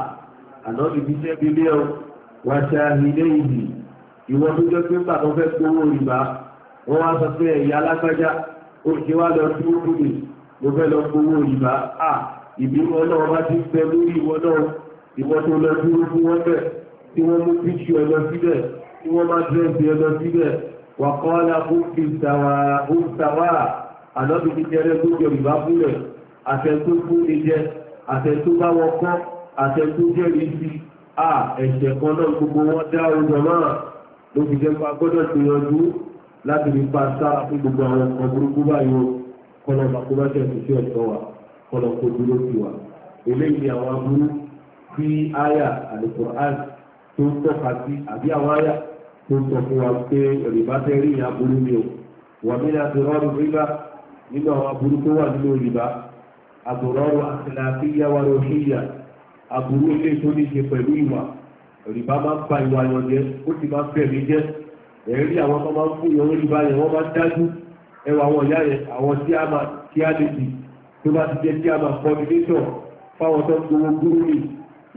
àdọ́bí jẹ́bilé ọ̀hún wà ṣáàhìlẹ́ ìdì ìwọ tó jẹ́ pé pàtó fẹ́ gbowó rìbá wọ́n wá sọ pé ẹ̀yà alágbájá ó ṣe wá lọ sí òkúni mo fẹ́ lọ gbowó rìbá à ìbínú ọlọ́run bá ti fẹ́ lórí ìwọ náà ìwọ tó lọ dúró fún wọn bẹ̀ tí wọ́n mú píṣù ẹ lọ síbẹ̀ tí wọ́n má dírẹ́sì ẹ lọ síbẹ̀ wà kọ́ à ẹ̀ṣẹ̀ kan náà gbogbo wọn dá oúnjẹ náà ló fi jẹ́ pa gbọ́dọ̀ ti yanjú láti fi pa sára fún gbogbo àwọn ọkọ̀ burúkú báyìí kọ́nà bàkúbáṣẹ́ ti fi ẹ̀ṣọ́ wa kọ́nà kó dúró sí wa eléyìí ni àwọn aburú tí àyà àlùkùránì tó ń tọ́ka sí àbí àwọn àyà tó ń tọ́ fún wa pé rìbá rí ìyá burú ni o wà mí láti rọrùn rírà nínú àwọn aburú tó wà nínú rìbá àbùrọ̀rù àtìláfíyà wà lóṣìyà aburú ilé tó ní ṣe pẹ̀lú ìwà rìbá máa ń ba ìwà yàn jẹ́ ó sì máa ń fẹ̀mí jẹ́ ẹ̀rí àwọn kan máa ń fún yàn rìbá yẹn wọ́n máa ń dájú ẹwà àwọn ìyá yẹn àwọn tí a máa tí a lè dì tó bá ti jẹ́ tí a máa coordination fáwọn tó ń gbowó gúrú ni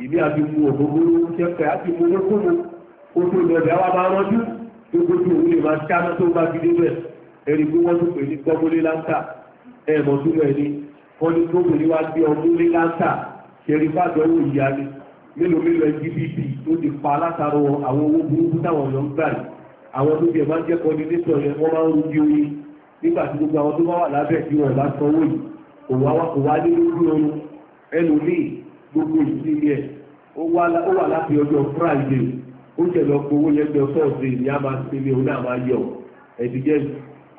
ìní àti mu ògógóró ṣẹ́fẹ̀ àti mu owó kúrò ó tó lọ́dẹ̀ àwa máa rọ́jú tó gbójú òun lè máa ṣáná tó bá fi débẹ̀ ẹ̀rí pé wọ́n tún pè ní gbọ́mọlé láńtà ẹ̀mọ́ túnbẹ̀ ni wọ́n ní gbọ́mọlé wá gbé ọmọlé láńtà kẹrin bá dánwò ìyá ni mélòó mélòó lgbt tó ti pa látàrọ àwọn owó burúkú táwọn yọ ń gbà yìí àwọn tó jẹ máa ń jẹ́ kọ́ndínétọ̀ yẹn wọ́n máa ń rúbi oyin nígbà tí gbogbo àwọn tó bá wà lábẹ́ tí wọ́n bá sanwó yìí kò wá ní lórí oorun ẹnu ní gbogbo ìsinmi ẹ̀ ó wà láti ọjọ́ friday ó jẹ̀lọ gbowó yẹn gbẹ sọ́ọ̀sì ní a máa sinmi òun náà máa yọ ẹ̀dìgẹ́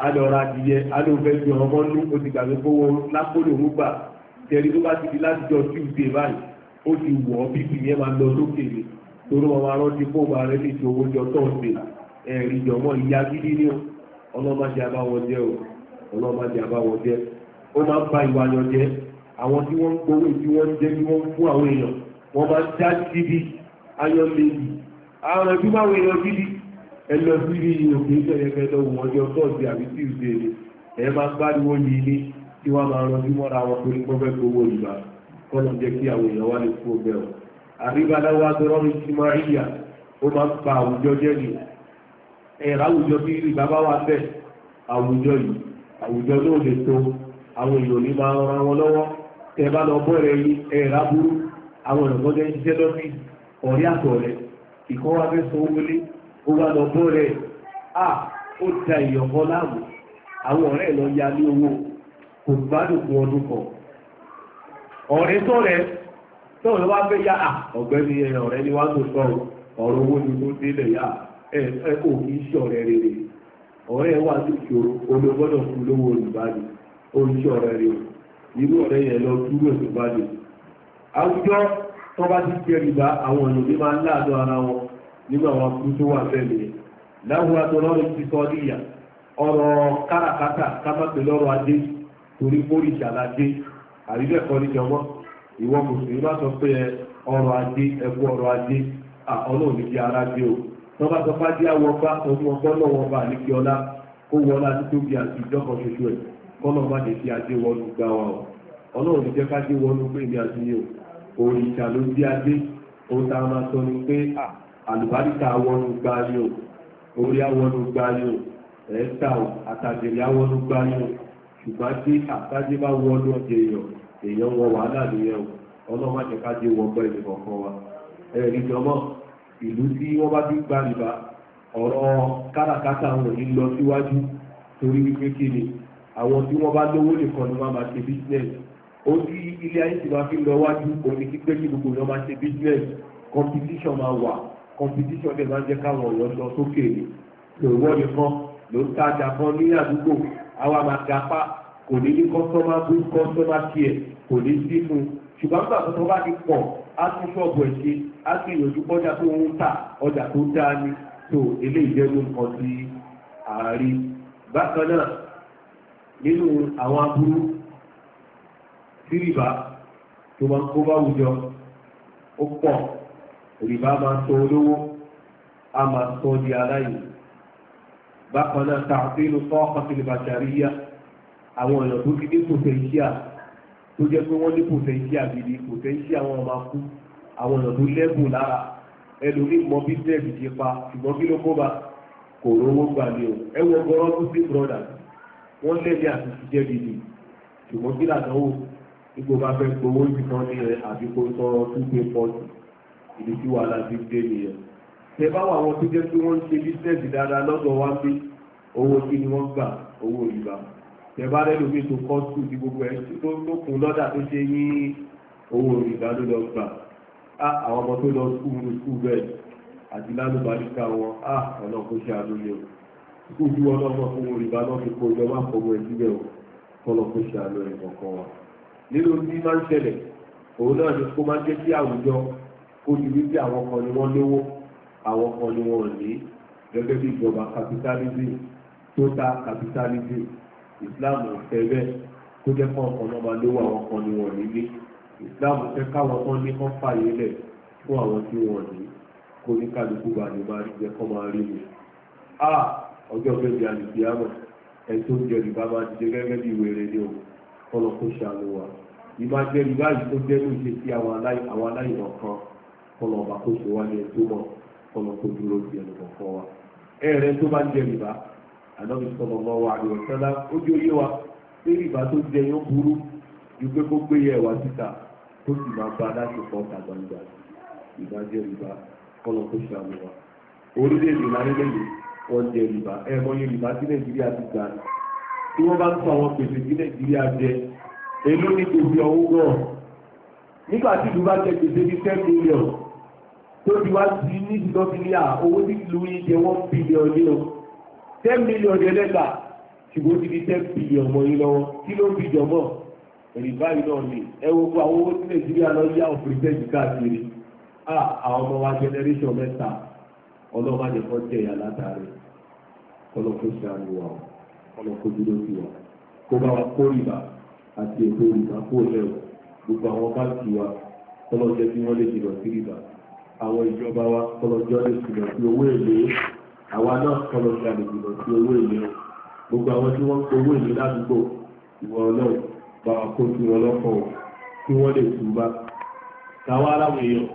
alọ́ra adìyẹ alóòfẹ́ ju ọmọ nú ó ti gbàgbé kówó lápólò ń gbà tẹ̀lé tó bá ti di láti jọ tuesday báyìí ó ti wọ̀ ọ́ bíbí yẹn máa lọ lókè mi torí wọn máa rántí kó máa rẹ ní ti owó jọ tọ́sídẹ̀ ẹ̀rí jọmọ́ ìyá gidi ni ọlọ́mọdé àbáwọ̀ o ọlọ́mọdé àbáwọ̀ jẹ́ ó máa ń ba ìwà yọ jẹ́ àwọn tí wọ́n ń gbowó tí wọ́n ń jẹ́ tí wọ́n ń fún àwọn èèyàn wọ́n máa ń já síbi ayọ̀lẹ́yìn àwọn ẹbí máa ń wọ èèyàn gidi ẹlọ́síbi òkè ìṣẹ̀yẹ̀kẹ́ lọ́wọ́ kí wọ́n máa rọjú mọ́ra wọn torí pọ́fẹ́ gbowó ìgbà kọ́nà jẹ́ kí àwọn èèyàn wá lè kú ọbẹ̀ ọ̀. àríbaláwo adọ́rọ́ mi ti máa ríyà ó máa ń pa àwùjọ jẹ́ ni ẹ̀rọ àwùjọ bí ìgbà bá wà bẹ́ẹ̀ àwùjọ yìí àwùjọ náà lè tó àwọn èèyàn ní máa ran wọn lọ́wọ́ tẹ bá lọ bọ́ rẹ yí ẹ̀rọ aburú àwọn ẹ̀rọ jẹ́ ṣiṣẹ́ lọ́fíìsì ọ̀rẹ́ àtọ̀rẹ́ ìkọ́ wa fẹ́ sọ wọlé ó wá lọ bọ́ rẹ̀ à ó da ìyọ̀kọ́ láàmú àwọn ọ̀rẹ́ lọ ya ní owó kò gbádùn fún ọdún kan ọ̀rẹ́ tó rẹ̀ tó rẹ̀ wá fẹ́ yá ọ̀gbẹ́ni ọ̀rẹ́ ni wá tó sọ ọ̀rọ̀ owó ni tó délẹ̀ yá kí rere ọ̀rẹ́ wà sí ìṣòro fún lówó olùbádì ọ̀rẹ́ rẹ̀ ọ̀rẹ́ yẹn lọ olùbádì àwùjọ tó bá ti jẹ́ àwọn ọ̀nà ní máa ń láàdọ́ torí mórí ìṣàlàdé àríbẹ̀kọ́ níjọmọ́ ìwọ mùsùlùmí bá sọ pé ọrọ̀ ajé ẹkú ọrọ̀ ajé ọlọ́run ní ara dé o wọ́n bá sọ pé ajé àwọn ọba ọgbọ́n náà wọ́n bá ní kí ọlá kó wọ́n láti tó bí àti ṣoṣo ẹ̀ má lè fi ajé wọnú gbá wa o ọlọ́run ní jẹ́ dé ajé sọ ni pé àlùbáríkà wọnú gbá o orí gbá o ẹ̀ẹ́ta gbá ṣùgbọ́n tí àtàjé bá wọ ọdún ọjọ́ èèyàn èèyàn wọ wàhálà nìyẹn o ọlọ́mọ àjẹkájé wọ ọgbọ́n ìdìbò kan wa ẹ̀rí jọmọ́ ìlú tí wọ́n bá ti gba ìbá ọ̀rọ̀ káràkátà wọn yìí lọ síwájú torí wípé kí ni àwọn tí wọ́n bá lówó nìkan ni wọ́n máa ṣe business ó tí ilé ayé ti máa fi lọ wájú òní pípé kí gbogbo ìyọ́ máa ṣe business competition máa wà competition dẹ̀ máa ń jẹ́ káwọn ọ̀yọ́ lọ sókè ni lòwọ́ nìkan ló ń tajà kan ní àdúgbò àwa máa gapá kò ní ní kọ́sọ́mà bú kọ́sọ́mà kíẹ̀ kò ní sí fún ṣùgbọ́n nígbà tó bá ti pọ̀ á tún ṣọ́ọ̀bù ẹ̀ ṣe á sì yànjú ọjà tó ń tà ọjà tó dáa ni tó eléyìí jẹ́ nǹkan tí ààrí bákan náà nínú àwọn aburú tí rìbá tó máa ń kó bá àwùjọ ó pọ̀ rìbá máa ń sọ olówó a máa sọ di aláìní bákan náà tààfínú fọ́ọ̀kọ́ sí ìbàṣàríyá àwọn ọ̀nà tó fi dé pòtẹ́ńṣíà tó jẹ́ pé wọ́n ní pòtẹ́ńṣíà gidi pòtẹ́ńṣíà wọn máa kú àwọn ọ̀nà tó lẹ́bùn lára ẹlòmí mọ bísíẹ̀sì ṣe pa ṣùgbọ́n kí ló kó bá kò rówó gbà ní o ẹ wọ tó sí brọ́dà wọ́n lẹ́ni àti ṣiṣẹ́ gidi ṣùgbọ́n kí làdánwò nígbò bá fẹ́ gbowó ìbìkan àbíkó sọ two pay forty ìdí tí tẹ́bá wà wọn tó jẹ́ pé wọ́n ń ṣe bísẹ́ẹ̀sì dáadáa lọ́dọ̀ wá pé owó kí ni wọ́n gbà owó ìgbà tẹ́bá lẹ́lòmí tó kọ́ sùn tí gbogbo ẹ̀ tó kún lọ́dà tó ṣe ní owó ìgbà ló lọ gbà á ah, àwọn ọmọ tó lọ skúù ní skúù bẹ́ẹ̀ àti lálùbáríkà wọn á ọ̀nà kó ṣe àlóyè o skúù tí wọn lọ́mọ fún owó ìgbà náà fi kó jọ má fọwọ́ ẹ̀ síbẹ̀ o kọ́lọ́ kó ṣe àlóyè kọ̀ọ̀kan wa ni kó máa ń jẹ́ kí àwùjọ kó ti wí pé àwọn àwọn kan ni wọn ò ní gẹ́gẹ́ bí ìjọba capitalism total capitalism islam ò fẹ́ bẹ́ẹ̀ kó jẹ́ kọ́ ọ̀kan náà máa lówó àwọn kan ni wọn ní ní islam fẹ́ káwọn kan ní kán fààyè lẹ̀ fún àwọn tí wọn ní kó ní kálukú bá ní máa rí jẹ kọ́ máa rí mi. a ọjọ́ bẹ́ẹ̀ di àlùfíàmọ̀ ẹ tó ń jẹ rìbá máa jẹ gẹ́gẹ́ bí wèrè ni o kọ́lọ́ kó ṣàánú wa ìmá jẹ rìbá yìí tó jẹ́ ló ṣe àwọn aláìmọ̀ kan kọ́lọ́ ọba kó ṣe wá ní ẹ tó mọ̀ kọlọ́kọ́ dúró di ẹnu kọ̀ọ̀kọ́ wa ẹ̀rẹ́ tó bá ń jẹ rìbá ànábi sọ̀rọ̀ mọ́ wa àríwọ̀ sẹ́lá ó jẹ́ oyé wa pé rìbá tó jẹ yán burú ju pé kó gbé yẹ ẹ̀wà síta tó sì máa bá láti pọ̀ ta gbangba ìbá jẹ́ rìbá kọlọ́kọ́ ṣàmù wa orílẹ̀-èdè lárẹ́lẹ́lẹ́ wọ́n jẹ rìbá ẹ̀ mọ́ yẹ rìbá sí nàìjíríà ti gbà tí wọ́n bá ń sọ àwọn pèsè sí nàìjíríà jẹ èló ní tòbí ọ̀hún nígbà tí ìlú bá jẹ pèsè ní ten million tó ti wá sí ní ìdúgbò bílíà owó tí ìlú yìí jẹ one billion ní o ten million yẹn lẹ́gbà ṣùgbọ́n ti di ten billion mọ́ yín lọ́wọ́ kí ló ń bí jọmọ́ rìbá yìí náà ni ẹ wo kó àwọn owó tí nàìjíríà lọ yá òfìrìtẹ́jì káàkiri àwọn ọmọ wa generation mẹ́ta ọlọ́wọ́ máa nìkan jẹ ìyá látàrí ọlọ́kọ́ sí àánú wa ọlọ́kọ́ dúró sí wa kó bá wa kó ìbà àti ètò ìbá kó lẹ́wọ̀ gbogbo àwọn báńkì wa ọlọ́jẹ́ tí wọ́n lè jìnnà sí ìbá àwọn ìjọba wa kọlọjọ́ lè jùlọ sí owó èlé àwa náà kọlọjọ́ lè jùlọ sí owó èlé gbogbo àwọn tí wọ́n ń gbowó èlé ládùúgbò ìwọ náà bá wa kó sí wọn lọ́kọ̀ kí wọ́n lè tún bá táwa aláwọ̀ èèyàn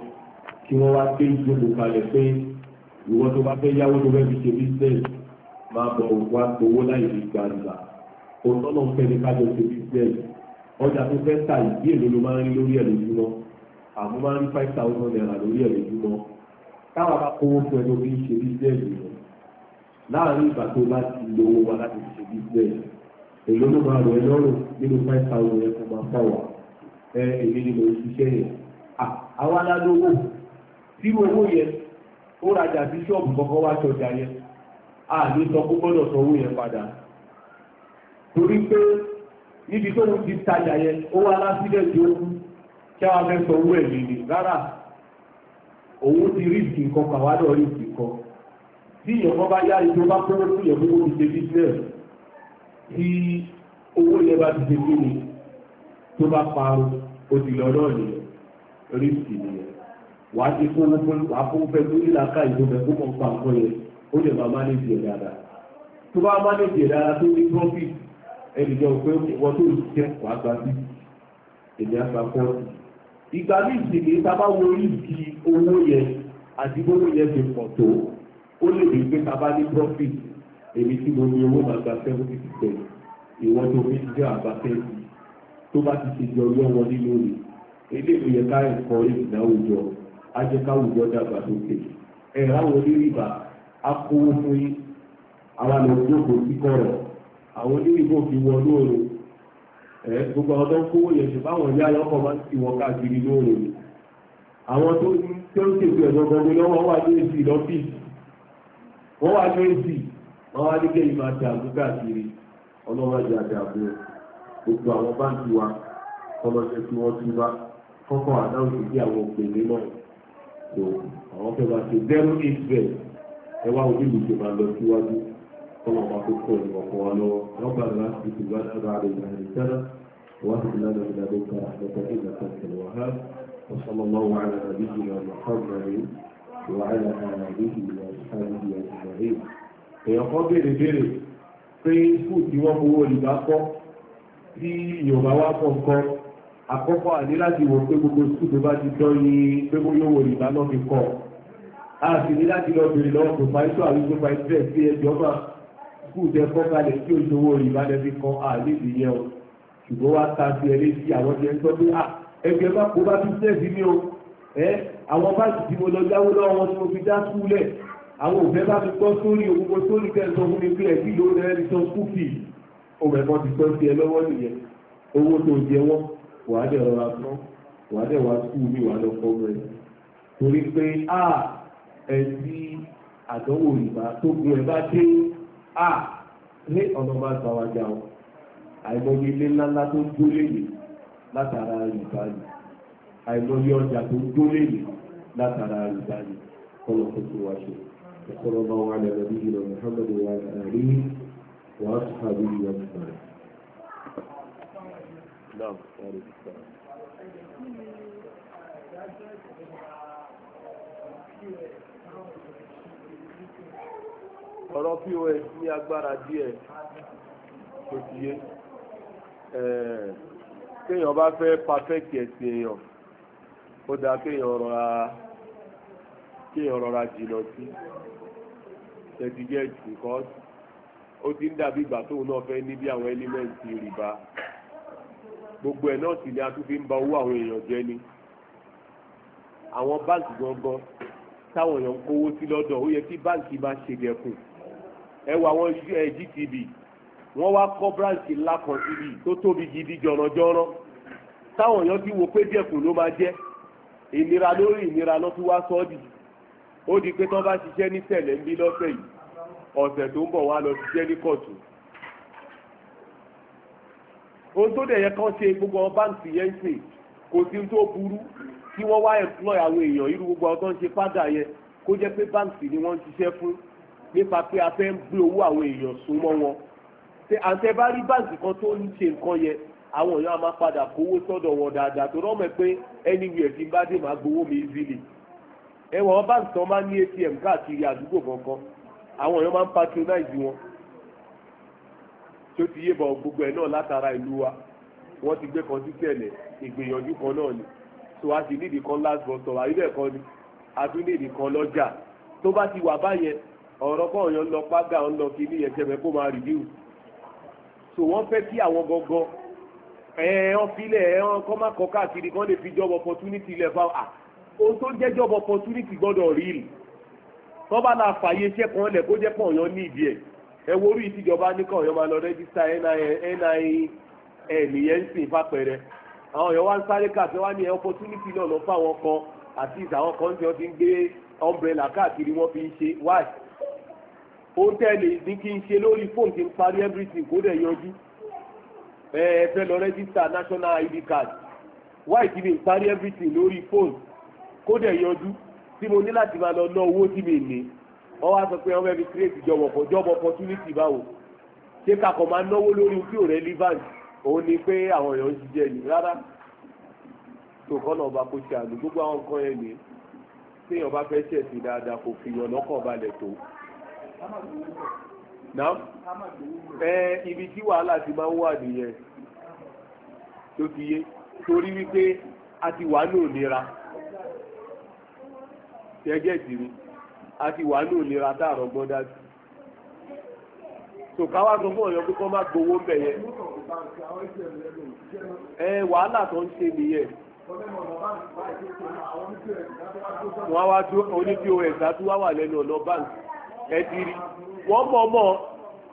kí wọ́n wá gbé ìjókòó kalẹ̀ pé ìwọ tó bá fẹ́ yáwó tó fẹ́ fi ṣe bísíǹsì máa bọ̀ wá gbowó láì lè gbàgbà òtọ́nà ń fẹ́ ní kájọ ṣe bísíǹsì ọjà tó fẹ́ tà ìdí èlò ló máa ń rí lórí ẹ̀ lójúmọ́ àmú ah, máa ń rí five thousand naira lórí ẹ̀ lójúmọ́ táwọn bá kówó fún ẹ lórí ṣe bísíẹ̀sì yẹn láàrin ìgbà tó bá ti lówó wa láti ṣe bísíẹ̀sì èló ló máa rọ ẹ lọ́rùn nínú five thousand yẹn kó máa fọwọ́ ẹ èmi ni mo ń ṣiṣẹ́ yẹn àwa lálówó tí owó yẹn ó rajà bíṣọ́ọ̀bù kọ́kọ́ wá ṣọjà yẹn a ní sọ kó gbọ́dọ̀ sọ owó yẹn padà torí pé níbi tó ń ti tajà yẹn ó wá lásìlẹ̀ tí ó kú kí wọ́n fẹ́ sọ owó ẹ̀mí ni rárá owó ti rí ìsìn kan pàwádọ̀ rí ìsìn kan tí ìyọ̀kan bá yá ìjọ bá kọ́rọ́ fún ìyọ̀kan owó ti ṣe business tí owó ilẹ̀ bá ti ṣe kí ni tó bá parun òdìlọ náà nìyẹn rí ìsìn nìyẹn wàá ti fún wàá fún fẹ́ tó nílà ká ìjọba ẹ̀kọ́ kan pa nǹkan ó lè máa manage ẹ̀ dáadáa tó bá manage ẹ̀ dáadáa tó ní profit ẹnìjọ́ pé wọ́n tó jẹ́ wàá gba sí èmi àgbà pọ́ọ̀tù ìgbà ní ìsìnkè tábà wo orí ìdí owó yẹn àti owó yẹn ti pọ̀ tó ó lè rí pé tábà ní profit èmi tí mo ní owó máa gba seventy percent ìwọ́n tó fi jẹ́ àgbà tẹ́lẹ̀ tó bá ti ṣe jọ yọ wọn nínú rẹ̀ eléyìí yẹ ká ẹ̀kọ́ ìdìdá òjò ajẹ́káwùjọ dàgbà sókè ẹ̀rọ àwọn onírìbà akówó fún yín àwọn àlọ́ òjò kò sí kọ̀rọ̀ àwọn onírìbà òfin wọnú òrùn gbogbo àwọn tó ń kówó yẹn ṣùgbọ́n àwọn ìyá ayọ́kọ̀ máa ń ti wọ káàkiri lóòrùn ni àwọn tó ń tó ń ṣètò ẹ̀dọ̀ gbogbo lọ́wọ́ wà ní èsì lọ́fíìsì wọ́n wà ní èsì wọ́n wá ní kéyìí máa ṣe àbú káàkiri ọlọ́wọ́ jẹ́ àdàbò gbogbo àwọn báńkì wa kọlọ́ṣẹ́ tí wọ́n ti wá kọ́kọ́ àdáhùn sí àwọn òpèlé náà tó àwọn fẹ́ máa ṣe zero eight bẹ́ẹ̀ ẹ wá onílù tó máa lọ síwájú طبعا معكم وقوانه ربنا لا تجعل علينا هذه السنة واهب الله على نبينا محمد وعلى آله وأصحابه أجمعين. èèyàn kan béèrè béèrè pé skul tí wọ́n fowó olùgbà kọ́ tí yorùbá wá kọ́ nǹkan àkọ́kọ́ àní láti wò pé gbogbo skul tó bá ti dán ní pé bó yóò wò náà fi kọ́ a sì ní láti lọ béèrè lọ́wọ́ pòfáìsọ àrígbó pàìsẹ́ sí ẹgbẹ́ ọba skul tẹ kọ́ kalẹ̀ tí òṣòwò ìbádẹ́bí kan àlejò yẹ o ṣùgbọ́n wá ta sí ẹ létí àwọn jẹ́ ń sọ pé à ah, ẹgbẹ́ má kó bá tún sẹ́ẹ̀sì ní o ẹ àwọn báńkì tí mo lọ jáwó lọ́wọ́ wọn tí mo fi dá skul lẹ̀ àwọn òfẹ́ bá mi gbọ́ sórí òkúkọ sórí kẹsàn-án fún mi pé ẹ̀kí ló rẹ̀ rí sọ skul fì òun ẹ̀kọ́ ti sọ sí ẹ lọ́wọ́ nìyẹn owó tó jẹ wọ́n wàá dẹ̀ rọra tán wàá dẹ̀ wá skul mi wàá lọ kọ́ mẹ́rin torí pé à ẹ̀ sí àdánwò ìgbà tó gun ẹ̀ bá dé Ah, lé ọ̀nà máa gbà wá jà ọ́ àìmọye ilé ńláńlá tó ń gbólé yìí látara yorùbá yìí àìmọye ọjà tó ń gbólé yìí látara yorùbá yìí kọ́lọ̀ tó tó wá ṣe ìkọ́lọ̀ bá wà lẹ́nu bí ìlọ Muhammad wa rí wàá tó àbí ìyá Thank you ọ̀rọ̀ pos ní agbára díẹ̀ tó ti yé kéèyàn bá fẹ́ pàfẹ́kì ẹ̀sìn èèyàn ó dáa kéèyàn rọra kéèyàn rọra jìnnà sí certificate because ó ti ń dàbí ìgbà tóun náà fẹ́ ní bí àwọn ẹ́límẹ́ǹtì rìbá gbogbo ẹ̀ náà sì ni a tún fi ń ba owó àwọn èèyàn jẹ́ ni àwọn báǹkì gangan táwọn èèyàn ń kówó sí lọ́dọ̀ ó yẹ kí báǹkì máa ṣèdẹ̀kùn ẹ wọ àwọn GTB eh, wọ́n wá kọ́ bíráǹkì ńlá kan síbi tó tóbi gidi jọ̀rọ̀jọ̀rọ̀ táwọn èèyàn ti wo pé dẹ́kun ló máa jẹ́ ìnira lórí ìnira ló fi wá sọ ọ́ di ó di pé tó bá ṣiṣẹ́ ní tẹ̀lé ń bí lọ́sẹ̀ yìí ọ̀sẹ̀ tó ń bọ̀ wá lọ ṣiṣẹ́ ní kóòtù ohun tó dẹ̀ yẹ kán ṣe gbogbo àwọn báǹkì yẹn ń sìn kò sí tó burú kí wọ́n wá employ àwọn èèyàn irú gbogbo àwọn tó ń ṣe fádà yẹn kó jẹ́ pé báǹkì ni wọ́n ń ṣiṣẹ́ fún nípa pé a fẹ́ ń gbé owó àwọn èèyàn sún mọ́ wọn ṣe àǹtẹ bá rí báǹkì kan tó ń ṣe nǹkan yẹn àwọn èèyàn a máa padà kówó sọ́dọ̀ wọn dáadáa tó rọ́ọ̀mọ̀ pé ẹni wíẹ̀ tí bá dé máa gbowó mi zìlì ẹwọ̀n báǹkì kan máa ń ní atm káàkiri àdúgbò kankan àwọn èèyàn máa ń patronize wọn tí ó ti yé bọ̀ gbogbo ẹ̀ náà látara ìlú wa wọ́n ti gbé kan sí tẹ̀lẹ̀ ìgbìyànjú kan náà ni so a ti nídìí kan last bus stop àyíbẹ̀ kan ni a tún nídìí kan lọ́jà tó bá ti wà báyẹn ọ̀rọ̀ kan ọ̀yàn lọ págà ń lọ kí ní ẹ̀jẹ̀mẹ̀ kó máa rìdíù so wọ́n fẹ́ kí àwọn gangan ẹ̀ẹ́n filẹ̀ ẹ̀ẹ́n kọ́ má kọ́ káàkiri kan lè fi job opportunity lẹ̀ fáwọn à ah, ohun tó jẹ́ job opportunity gbọ́dọ̀ rí i tó bá la fàyè iṣẹ́ kan lẹ̀ kó jẹ́ pọ̀ ọ̀yàn ní ìdí ẹ̀ ẹ wo orí ìtìjọba ní kan ọ̀yàn máa lọ rẹ́gísítà NIN nìyẹn ń sìn fàpẹ̀rẹ̀ àwọn ọ̀yàn wá ń sáré káàkiri wá ní opportunity náà lọ fáwọn kan àti ìtàwọn kan tí wọ́n ti ń gbé umbrella káàkiri wọ́n fi ń ṣe wáì ó tẹ́lẹ̀ ní kí n ṣe lórí fóònù kí n parí everything kó dẹ̀ yọjú ẹ lọ register national id card wáì tí mi n parí everything lórí fóònù kó dẹ̀ yọjú tí mo ní láti máa lọ ná owó tí mi ní ọ wá sọ pé wọ́n fẹ́ create job ọ̀pọ̀ job opportunity báwo ṣé kakọ̀ máa náwó lórí tí ò relevant òun ni pé àwọn èèyàn ń ṣiṣẹ́ yìí rárá tó kọ́nà ọba kó ṣe àlù gbogbo àwọn nǹkan yẹn ni téèyàn bá fẹ́ ṣẹ̀sìn dáadáa kò fi yàn balẹ̀ tó. náà ibi tí wàhálà ti máa ń wà nìyẹn tó ti yé torí wípé a ti wà ní òlera gẹ́gẹ́ sí ni a ti wà ní òlera táàrọ̀ gbọ́n dájú tò káwá sọ fún ọ̀yọ́ pé kọ́ má gbowó ń bẹ̀ yẹn ẹ wàhálà tó ń ṣe nìyẹn wọ́n á wá tó oní pos á wá wà lẹ́nu ọ̀nà báńkì. ẹ̀dìrí wọ́n mọ̀ mọ́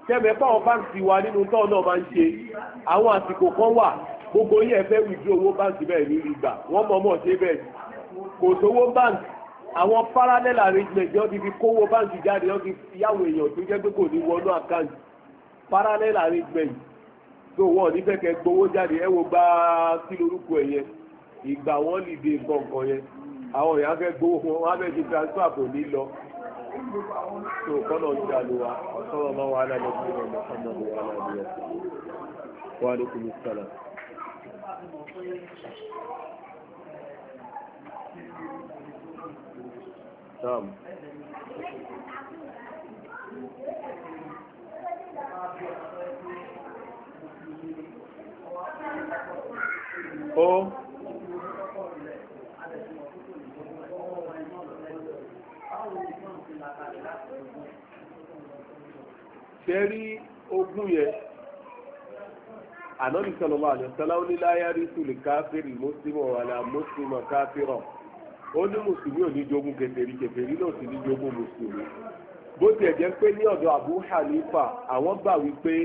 tẹ́mẹ̀ fáwọn báǹkì wa nínú tọ́ náà máa ń ṣe àwọn àsìkò kan wà gbogbo yín ẹ fẹ́ withdraw owó báǹkì bẹ́ẹ̀ ní ìgbà wọ́n mọ̀ mọ̀ ṣe bẹ́ẹ̀ kò sówó báǹkì àwọn parallel arrangement yóò ti fi kówó báǹkì jáde yóò ti fi yáwó èèyàn tó jẹ́ pé kò ní wọnú àkáǹtì parallel arrangement tó wọ́n ní fẹ́kẹ́ gbowó jáde ẹ wo gbá kí lorúkọ ẹ̀ yẹn ìgbà wọn lè dé nǹkan kan yẹn àwọn èèyàn fẹ́ gbowó wọn wọ́n á fẹ́ ṣe transfer tó kọ́nà ń jà ló wa ọ̀sọ́rọ̀ máa wà lálẹ́ fún wà lálẹ́ wà lókun ní sọ́lá. Sam. Oh. tẹ́rí ogún yẹn ànábì sallallahu alaihi wasallam ní la yarithu li káfíìrì mùsùlùmí wala mùsùlùmí káfíìrà ó ní mùsùlùmí ò ní jogún kèfèrí kèfèrí náà sì ní jogún mùsùlùmí bó tiẹ̀ jẹ́ pé ní ọ̀dọ̀ Abu Hanifa àwọn gbà wípé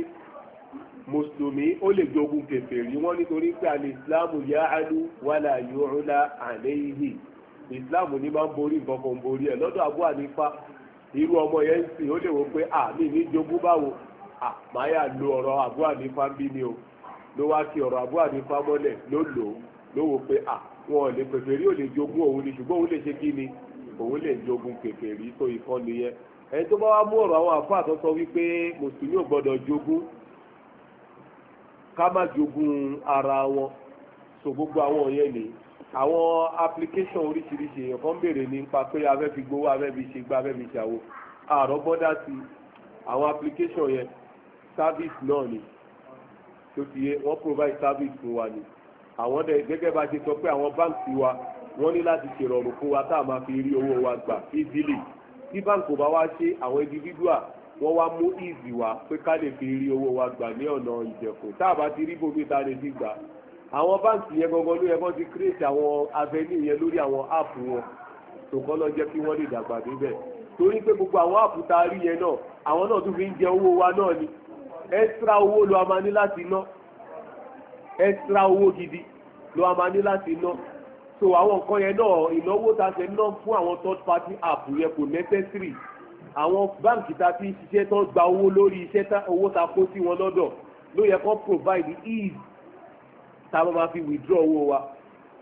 mùsùlùmí ó lè jogún kèfèrí wọn nítorí pé alìsílámù yá àlù wàlà yòrùlà àléhìí ìsìlámù ní máa ń borí nǹkan kan borí ẹ̀ lọ́dọ̀ Abu Hanifa irú ọmọ yẹn ń sìn ó lè wò pé à mí ní jogún báwo à máa lo ọ̀rọ̀ àbú ànífà bí ni o ló wá sí ọ̀rọ̀ àbú ànífà mọ́lẹ̀ ló lò ó ló wò pé à wọn ò lè kèfèrí ò lè jogún òun ni ṣùgbọ́n òun lè ṣe kí ni òun lè jogún kèfèrí tó ìkan nìyẹn ẹni tó bá wá mú ọ̀rọ̀ àwọn àfáà tó sọ wípé mùsùlùmí ò gbọ́dọ̀ jogún ká má jogún ara wọn so gbogbo àwọn yẹn nìyí àwọn application oríṣiríṣi èèyàn kan béèrè nípa pé abẹ́ fi gbowó abẹ́ fi ṣe gbá abẹ́ fi ṣàwó àárọ̀ bọ́dá sí àwọn application yẹn service náà ni tó ti yé wọ́n provide service fún wa ni àwọn dẹ̀ gẹ́gẹ́ bá ṣe sọ pé àwọn báńkì wa wọ́n ní láti ṣèrọ̀rùn fún wa tá a máa fi rí owó wa gbà easily tí báńkì bá wá ṣe àwọn individual wọ́n wá mú easy wá pé ká lè fi rí owó wa gbà ní ọ̀nà ìjẹ̀kùn tá a bá ti rí bóbi tá a lè fi gbà àwọn báǹkì yẹn gangan ló yẹ kó ti create àwọn avenue yẹn lórí àwọn app wọn tó kọ́ lọ jẹ́ kí wọ́n lè dàgbà níbẹ̀ torí pé gbogbo àwọn app tá a rí yẹn náà àwọn náà tún fi ń jẹ owó wa náà ni extra owó ló a máa ní láti ná extra owó gidi ló a máa ní láti ná so àwọn nǹkan yẹn náà ìnáwó tá a ṣe ná fún àwọn third party app yẹn kò necessary àwọn báǹkì tá a ti ń ṣiṣẹ́ tó gba owó lórí iṣẹ́ owó tá kó sí wọn lọ́dọ̀ ló yẹ kó provide ease tá a bá máa fi withdraw owó wa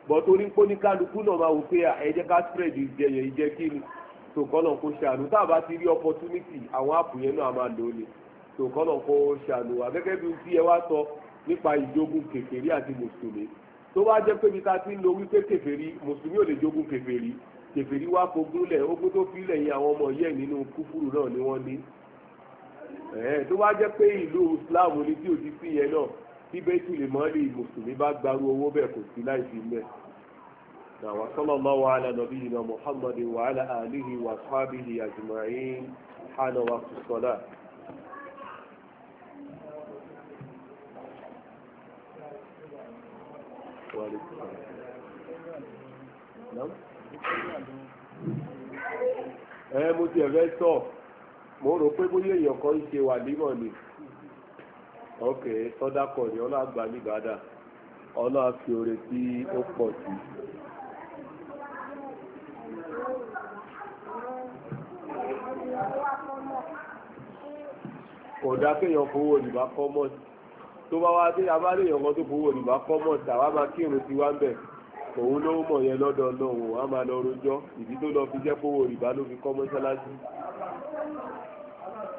bọ́ torí pé oníkálukú náà máa wò pé ẹ jẹ́ ká spread ìjẹyẹ ìjẹkíni tó kọ́ náà kó ṣàánú tá a bá ti rí opportunity àwọn app yẹn náà máa lò ó ni tó kọ́ náà kó ṣàánú wa gẹ́gẹ́ bí tí ẹ wá sọ nípa ìjogún kèfèrí àti mùsùlùmí tó bá jẹ́ pé ibi tá a ti ń lo wípé kèfèrí mùsùlùmí ò lè jogún kèfèrí kèfèrí wá fogúnlẹ̀ ogún tó filẹ̀ yẹn àwọn ọmọ yẹn nínú kúfúrú náà ni wọ́n ní tó bá jẹ́ pé ìlú Islam ní tí ò ti sí yẹn náà tí bẹ́tù lè mọ́lì mùsùlùmí bá gbarú owó bẹ́ẹ̀ kò sí láì fi mẹ́. Nàwa sallallahu ala nabiyyina Muhammadin wa ala alihi wa ashabihi ajma'in hànà wa eh, mo ti ẹ̀fẹ́ sọ, mo rò pé bóyá èèyàn kan ń ṣe wàlímọ̀ ni. ok sọ́dákọ̀ ni ọlọ́ àgbà nígbàdà ọlọ́ àfi oore tí ó pọ̀ sí. fowó tó bá wá dé kan tó fowó òdìbá kọ́mọ̀ tàwa máa ti tiwa ń bẹ̀ òun yẹn lọ́dọ̀ náà máa lọ rojọ́ ìdí tó lọ fi jẹ́ fowó ló